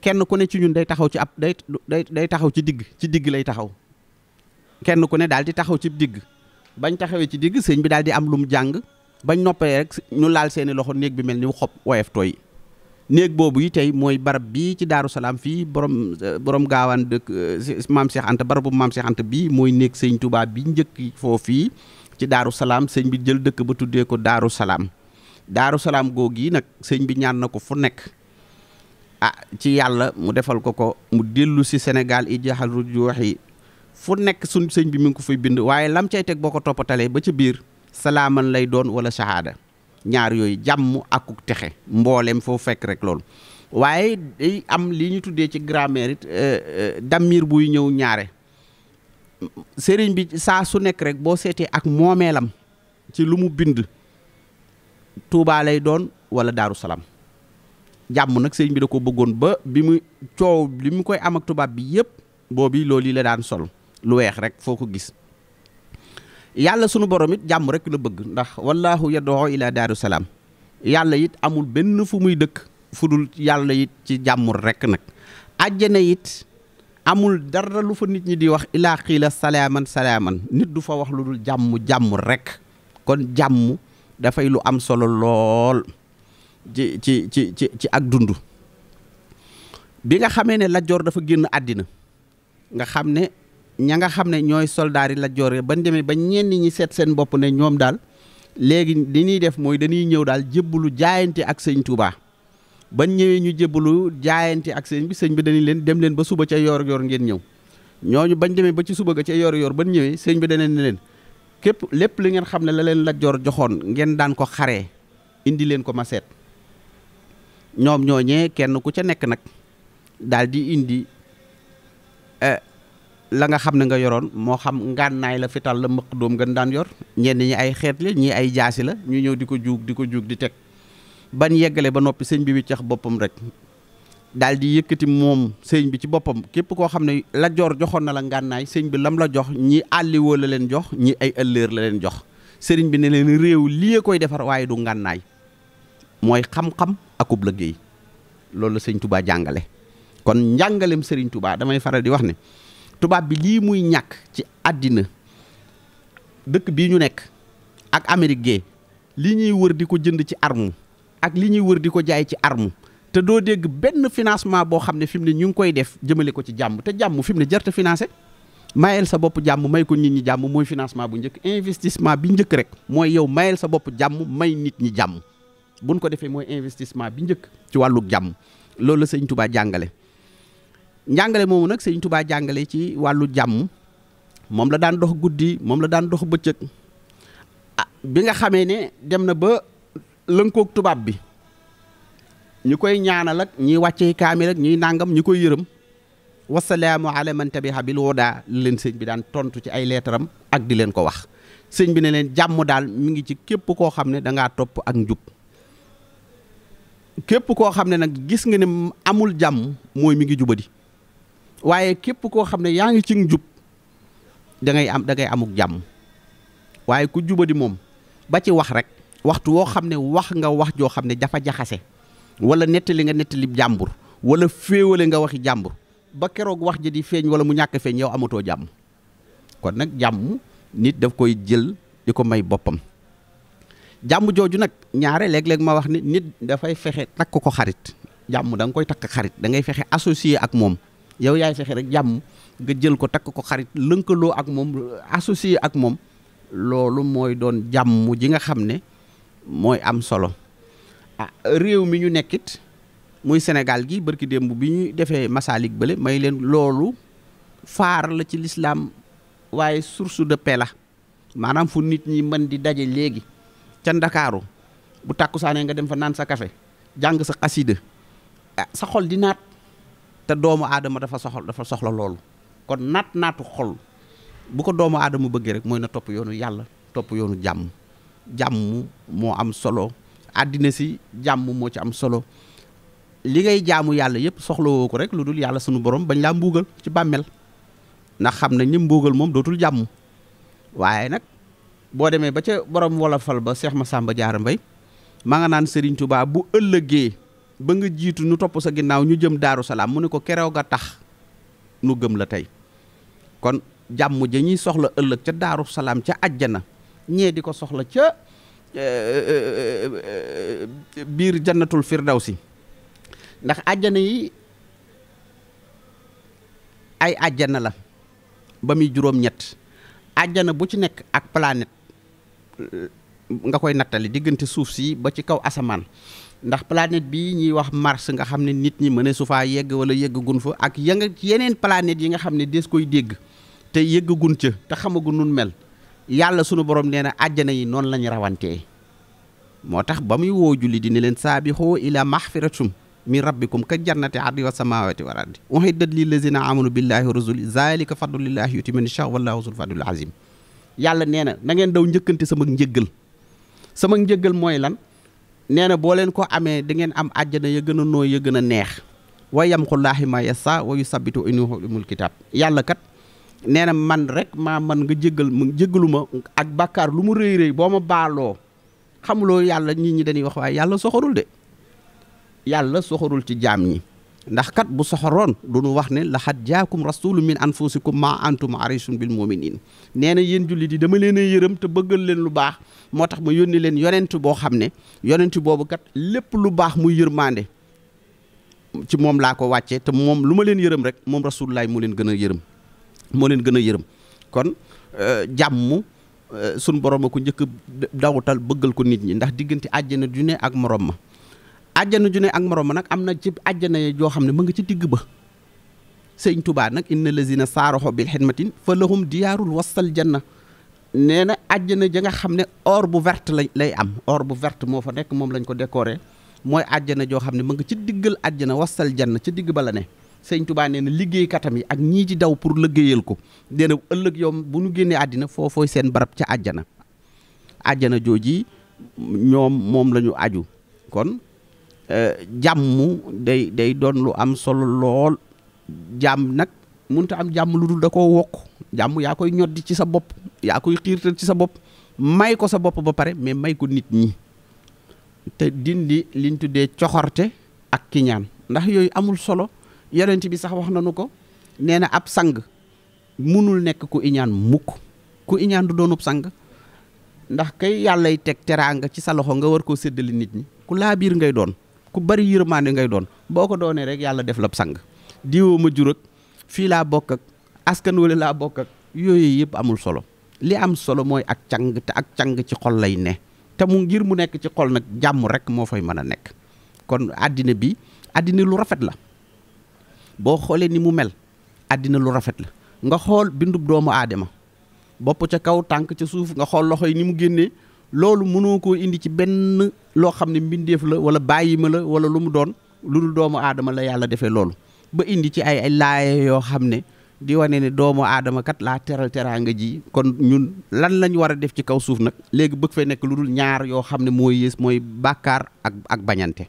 kenn ku ne ci ñun day taxaw ci ab day day taxaw ci digg ci digg lay taxaw kenn ku ne daal di taxaw ci digg bañ taxawee ci digg sëñ bi daal di am lu mu jàng bañ noppee rek ñu laal seeni loxo néeg bi mel ni xob woyof tooy néeg boobu yi tey mooy barab bii ci Daaru Salaam fii borom borom gaawaan dëkk euh, maam Cheikh Anta barabu maam Cheikh Anta bii mooy néeg sëñ tubaab bi njëkk fii ci Daaru Salaam sëñ bi jël dëkk ba tuddee ko Daaru Salaam Daaru Salaam googu yi nag sëñ bi ñaan na ko fu nekk a ah, ci yàlla mu defal ko ko mu dellu si senegal i jaaxal rujuuxi fu nekk suñ sëñ bi mi ngi ko fay bind waaye lam cay teg boo ko toppatalee ba ci biir salaaman lay doon wala shahada ñaar yooyu jàmm akuk texe mbooleem foo fekk rek loolu waaye day am li ñu tuddee ci grammaire it euh, euh, dammiir buy ñëw ñaare sëriñ bi saa su nekk rek boo seetee ak moomeelam ci lu mu bind Tuubaa doon wala Daaru Salaam jàmm nag sëriñ bi da ko bëggoon ba bi mu coow li mu koy am ak tubaab bi yëpp boobi loolu yi la daan sol lu weex rek foo ko gis yàlla sunu boromit it jàmm rek la bëgg ndax wallaahu yadoo ila daaru salaam yàlla yit amul benn fu muy dëkk fu dul yàlla yit ci jàmm rekk nag. àjjana it amul dara lu fa nit ñi di wax ilaa xiila salaaman salaaman nit du fa wax lu dul jàmm jàmm rekk kon jàmm dafay lu am solo lool ci ci ci ci ci ak dund. bi nga xamee ne Lat dafa génn àddina nga xam ne. ña nga xam ne ñooy soldaar yi ban Joor bañ demee ba ñenn ñi seet seen bopp ne ñoom daal léegi li ñuy def mooy dañuy ñëw daal jébbalu jaayante ak sëñ Touba bañ ñëwee ñu jébbalu jaayanti ak sëñ bi sëñ bi dañuy leen dem leen ba suba ca yoor yor ngeen ñëw ñooñu bañ demee ba ci suba ga ca yor-yor ban ñëwee sëñ bi danañ leen képp lépp li ngeen xam ne la leen Lat Joor joxoon ngeen daan ko xaree indi leen ko ma seet ñoom ñooñee kenn ku ca nekk nag daal indi. Eh, la nga xam ne nga yoroon moo xam ngànnaay la fital la mbëq doom gën daan yor ñenn ñi ay xeet la ñii ay jaasi la ñu ñëw di ko juug di ko juug di teg ban yeggale ba noppi sëñ bi wiccax boppam rek daal di yëkkati moom sëñ bi ci boppam képp koo xam ne la joor joxoon na la ngànnaay sëñ bi lam la jox ñii àlliwoo la leen jox ñi ay ëllëer la leen jox sëriñ bi ne leen réew lii koy defar waaye du ngànnaay mooy xam-xam akub liggéey loolu la sëñ tubaa jàngale kon njàngalem sëriñ tubaa damay faral di wax ne tubaab bi lii muy ñàkk ci àddina dëkk bii ñu nekk ak Amérique gee lii ñuy wër di ko jënd ci arme ak li ñuy wër di ko jaay ci armu te doo dégg benn financement boo xam ne fi mu ne ñu ngi koy def jëmale ko ci jàmm te jàmm fi mu ne jarte financé mayel sa bopp jàmm may ko nit ñi jàmm mooy financement bu njëkk investissement bi njëkk rek mooy yow mayel sa bopp jàmm may nit ñi jàmm buñ ko defee mooy investissement bi njëkk ci wàllu jàmm loolu la sëñ Tuubaa jàngale njàngale moomu nag sëñ tubaa jàngale ci wàllu jàmm moom la daan dox guddi moom la daan dox bëccëg ah bi nga xamee ne dem na ba lënkoog tubaab bi ñu koy ñaanal ak ñiy wàccee kaamil ak ñiy nàngam ñi koy yërëm wasalaamu ala man tabiha bil woodaa leen sëñ bi daan tontu ci ay leetaram ak di leen ko wax sëñ bi ne leen jàmm daal mi ngi ci képp koo xam ne dangaa topp ak njub képp koo xam ne nag gis nga ne amul jàmm mooy mu ngi juba jubadi waaye képp koo xam ne yaa ngi ci jub dangay am da ngay amuk jàmm waaye ku juba di moom ba ci wax rek waxtu woo xam ne wax nga wax joo xam ne dafa jaxase wala nettali nga nettali jàmbur wala féewale nga waxi jàmbur ba keroog wax ji di feeñ wala mu ñàkk feeñ yow amatoo jàmm kon nag jàmm nit daf koy jël di ko may boppam jàmm jooju nag ñaare léeg-léeg ma wax ni nit dafay fexe takk ko xarit jàmm da nga koy takk xarit da ngay fexe associé ak moom yow yaay fexe rek jàmm nga jël ko takk ko xarit lënkaloo ak moom associé ak moom loolu mooy doon jàmm ji nga xam ne mooy am solo ah, réew mi ñu nekkit muy Sénégal gi bërki démb bi ñu defee masaalik bële may leen loolu faaral la ci lislaam waaye source de paix la maanaam fu nit ñi mën di daje léegi ca Ndakaaru bu tàkkusaanee nga dem fa naan sa kafe jàng sa xasida ah, sa xol di naat te doomu aadama dafa soxla dafa soxla loolu kon naat naatu xol bu ko doomu aadama bëggee rek mooy na topp yoonu yàlla topp yoonu jàmm jàmm moo am solo àddina si jàmm moo ci am solo li ngay jaamu yàlla yëpp soxlawoo ko rek lu dul yàlla sunu borom bañ laa mbuugal ci bàmmeel ndax xam nañ ne mbuugal moom dootul jàmm waaye nag boo demee ba ca borom wolofal ba Cheikh Massamba Diarra Mbaye ma nga naan Serigne Touba bu ëllëgee ba nga jiitu ñu topp sa ginnaaw ñu jëm daaru salaam mu ne ko kerew ga tax nu gëm la tey kon jàmm ja ñuy soxla ëllëg ca daaru salaam ca àjjana ñee di ko soxla ca eh, eh, eh, biir janatul jannatul si ndax àjjana yi ay àjjana la ba muy juróom-ñett àjjana bu ci nekk ak planète nga koy nattali diggante suuf si ba ci kaw asamaan ndax planète bi ñuy wax Mars nga xam ne nit ñi mën a su faa yegg wala yeggagun fa ak yanga nga yeneen planètes yi nga xam ne des koy dégg te yeggagun ca te xamagu nun mel yàlla sunu borom nee na àjjana yi noonu la ñu rawantee moo tax ba muy woo julli di ne leen saabixoo ila maxfiratum min rabbikum ka jannati ardi wa samawati wal ardi uhiddat lil lazina amanu billahi wa rasuli zalika fadlullahi yuti man yasha wallahu zul fadlul azim yàlla nee na na ngeen daw njëkkante sama njëggal sama njëggal mooy lan nee na boo leen ko amee di ngeen am àjjana ya gën a nooy ya gën a neex wa yamxullaahi ma yasa wa yusabbitu umul kitab yàlla kat nee na man rek maa man nga jéggal mu jéggalu ak bàkkaar lu mu rëy rëy boo ma baaloo xamuloo yàlla nit ñi dañuy wax waaye yàlla soxorul de yàlla soxorul ci jaam ñi ndax kat bu soxoroon du ñu wax ne laxat jaakum rasulun min anfusikum ma antum arisun bil muminin nee na yéen julli di dama leen a yërëm te bëggal leen lu baax moo tax ma yónni leen yonent boo xam ne yonent boobu kat lépp lu baax muy yërmande ci moom laa ko wàccee te moom lu ma leen yërëm rek moom rasulullaay moo leen gën a yërëm moo leen gën a yërëm kon euh, jàmm euh, sun borom a ko njëkk dawutal bëggal ko nit ñi ndax diggante àjjana du ak morom ma àjjana ju ne ak morom nag am na ci àjjana joo xam ne mu nga ci digg ba sëñ tubaa nag inna lazina saaraxo bil xidmatin fa lahum diyaarul wasal janna nee na àjjana ja nga xam ne or bu verte la lay am or bu verte moo fa nekk moom lañ ko décoré mooy àjjana joo xam ne mu nga ci diggal àjjana wasal janna ci digg ba la ne sëñ tubaa nee na liggéey katam yi ak ñii ci daw pour liggéeyal ko nee na ëllëg yoom bu ñu génnee àddina foofooy seen barab ca àjjana àjjana jooji ñoom moom la aju Eh, jàmm day day doon lu am solo lool jàmm nag mun mënta am jàmm lu dul da koo wokk jàmm yaa koy ñoddi ci sa bopp yaa koy xiirtal ci sa bopp may ko sa bopp ba pare mais may ko nit ñi te dindi liñ tuddee coxorte ak kiñaan ndax yooyu amul solo yonent bi sax wax nañu ko nee na ab sang munul nekk ku iñaan mukk ku iñaan du doonub sang ndax kay yàllay teg teraanga ci sa loxo nga war koo séddali nit ñi ku laa biir ngay doon ku bari yërmande ngay doon boo ko doonee rek yàlla def la sang diwoo ma jur fii laa bokk ak askan wala laa bokk ak yooyu yëpp amul solo li am solo mooy ak cang te ak càng ci xol lay ne te mu ngir mu nekk ci xol nag jàmm rek moo fay mën a nekk kon àddina bi àddina lu rafet la boo xoolee ni mu mel àddina lu rafet la nga xool bindub doomu aadama bopp ca kaw tànk ca suuf nga xool loxo yi ni mu génnee loolu mënoo koo indi ci benn loo xam ne mbindeef la wala bàyyi ma la wala lu mu doon lu dul doomu aadama la yàlla defee loolu ba indi ci ay ay laaye yoo xam ne di wane ne doomu aadama kat laa teral ji kon ñun lan lañ war a def ci kaw suuf nag léegi bëgg fay nekk lu dul ñaar yoo xam ne mooy yées mooy bàkkaar ak ak bañante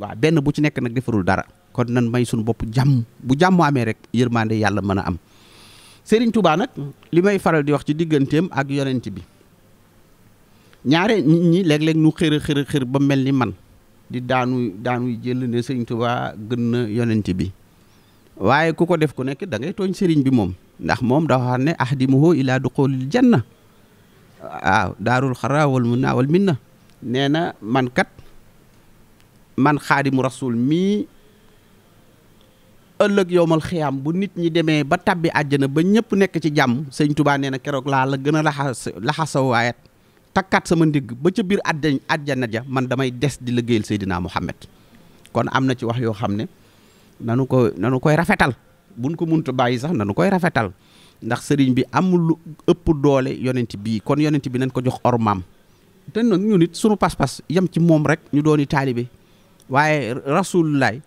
waaw benn bu ci nekk nag defarul dara kon nan may suñu bopp jàmm bu jàmm amee rek yërmande yàlla mën a am Serigne Touba nag li may faral di wax ci digganteem ak yonent bi ñaare nit ñi léeg-léeg nu xër a xër a ba mel ni man di daanu daanu jël ne sëñ Tuubaa gën na yonent bi waaye ku ko def ko nekk dangay tooñ sëriñ bi moom ndax moom dafa xam ne ahdimuhu ilaa duxoolil janna waaw daarul xara wal mun naa wal min na nee na man kat man xaadimu rasul mii ëllëg yowmal xiyaam bu nit ñi demee ba tabbi àjjana ba ñëpp nekk ci jàmm sëñ Tuubaa nee na keroog laa la gën a laxas laxasawaayat takkaat sama ndigg ba ca biir àjjan àjjana ja man damay des di liggéeyal Seydina Muhammad kon am na ci wax yoo xam ne nanu ko nanu koy rafetal buñ ko munta bàyyi sax nanu koy rafetal ndax sëriñ bi amul lu ëpp doole yonent bii kon yonent bi nañ ko jox ormaam te nag ñu nit sunu pas-pas yem ci moom rek ñu dooni taalibe waaye rasulullaay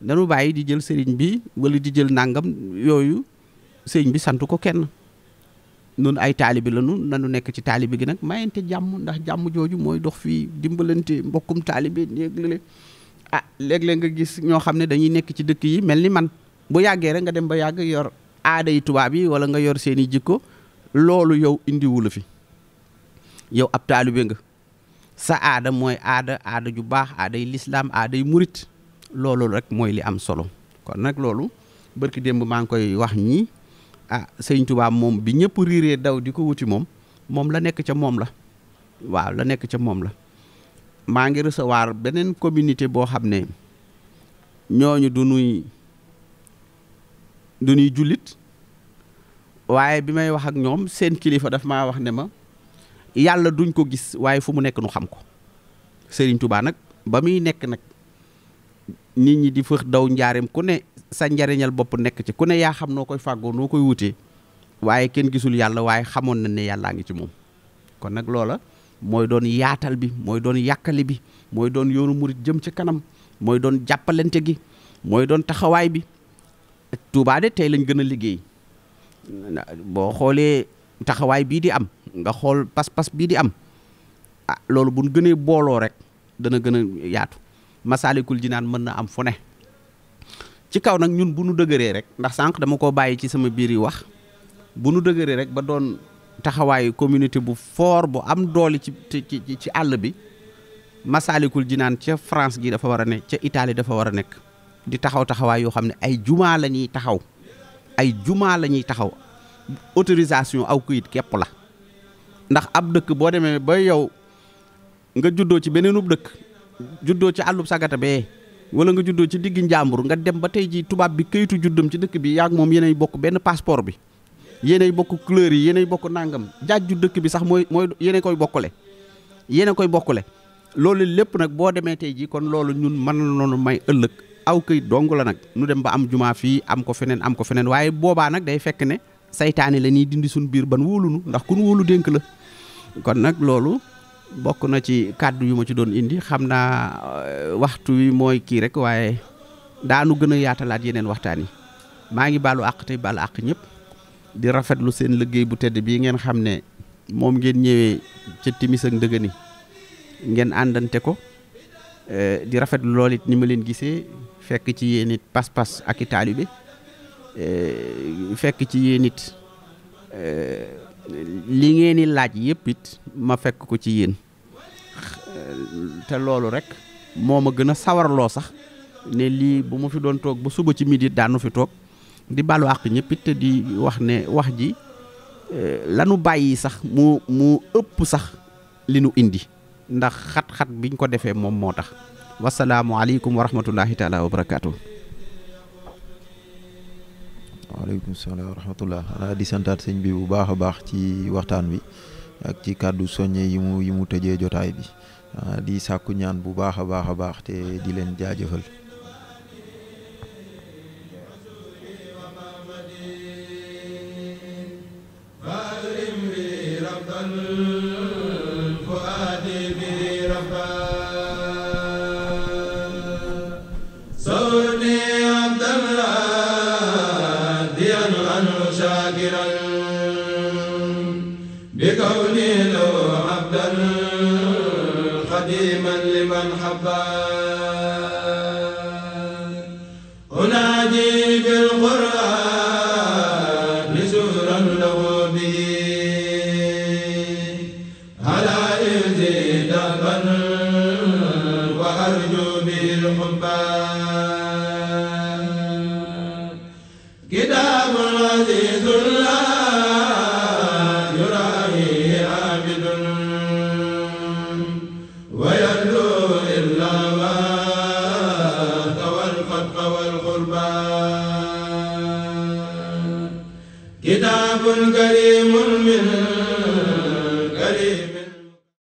nanu bàyyi di jël sëriñ bi wala di jël nangam yooyu sëriñ bi sant ko kenn nun ay taalibi la nu nanu nekk ci taalibi gi nag mayente jàmm ndax jàmm jooju mooy dox fii dimbalante mbokkum taalibi ah, léeg-léeg ah léeg nga gis ñoo xam ne dañuy nekk ci dëkk yi mel ni man bu yàggee rek nga dem ba yàgg yor aada yi tubaab yi wala nga yor seen i jikko loolu yow indiwu la fi yow ab taalibe nga sa aada mooy aada aada ju baax aada yi lislaam aada yi murit loolu rek mooy li am solo kon nag loolu bërki démb maa ngi koy wax ñii ah sëñ Tuubaa moom bi ñëpp riiree daw di ko wuti moom moom la nekk ca moom la waaw la nekk ca moom la maa ngi recevoir beneen communauté boo xam ne ñooñu du nuy du nuy jullit waaye bi may wax ak ñoom seen kilifa daf maa wax ne ma yàlla duñ ko gis waaye fu mu nekk nu xam ko Sëriñ tubaa nag ba muy nekk nag nit ñi di fëx daw njaareem ku ne sa njariñal bopp nekk ci ku ne yaa xam noo koy fàggoo noo koy wutee waaye kenn gisul yàlla waaye xamoon na ne yàllaa ngi ci moom kon nag loola mooy doon yaatal bi mooy doon yàkkali bi mooy doon yoonu murit jëm ci kanam mooy doon jàppalante gi mooy doon taxawaay bi Tuubaa de tey lañ gën a liggéey boo xoolee taxawaay bii di am nga xool pas-pas bii di am ah loolu buñ gënee booloo rek dana gën a yaatu masaalikul naan mën na am fu ne ci kaw nag ñun bu nu dëgëree rek ndax sànq dama ko bàyyi ci sama biir yi wax bu nu dëgëree rek ba doon taxawaayu communauté bu foor bu am doole ci ci ci àll bi masaalikul jinaan ca France gi dafa war a nekk ca Italie dafa war a nekk di taxaw taxawaay yoo xam ne ay jumaa la ñuy taxaw ay jumaa la ñuy taxaw autorisation aw kayit képp la ndax ab dëkk boo demee ba yow nga juddoo ci beneenub dëkk juddoo ci àllub sagata bee wala nga juddoo ci digg njàmbur nga dem ba tey ji tubaab bi kayitu juddam ci dëkk bi yaa moom yéenay bokk benn passeport bi yéenay bokk couleur yi yéenay bokk nangam jaajju dëkk bi sax mooy mooy yéenay koy bokkule yéenay koy bokkule loolu lépp nag boo demee tey jii kon loolu ñun mën na noonu may ëllëg aw këyit dong la nag nu dem ba am jumaa fii am ko feneen am ko feneen waaye boobaa nag day fekk ne saytaane la ñuy dindi suñu biir ban wóolunu ndax kun wóolu dénk la kon nag loolu bokk na ci kàddu yu ma ci doon indi xam naa euh, waxtu wi mooy kii rek waaye daanu gën a yaatalaat yeneen waxtaan yi maa ngi baalu àq tey baalu àq ñépp di rafetlu seen liggéey bu tedd bii ngeen xam ne moom ngeen ñëwee ca timis ak ndëgëni ngeen àndante ko euh, di rafetlu lool it ni ma leen gisee fekk ci yéen it pas-pas ak i taalibe euh, fekk ci yéen it li ngeen di laaj yëpp it ma fekk ko ci yéen te loolu rek moo ma gën a sawarloo sax ne lii bu ma fi doon toog ba suba ci midi daanu fi toog di balu àq ñëpp te di wax ne wax ji eh, lanu bàyyi sax mu mu ëpp sax li nu indi ndax xat-xat biñ ko defee moom moo tax wasalaamualeykum wa rahmatullahi taala wa barakaatu. di santaat sëñ bi bu baax a baax ci waxtaan wi ak ci kàddu soññe yi mu yi mu tëjee jotaay bi Ah, di sàkku ñaan bu baax a baax a baax te di leen jaajëfal.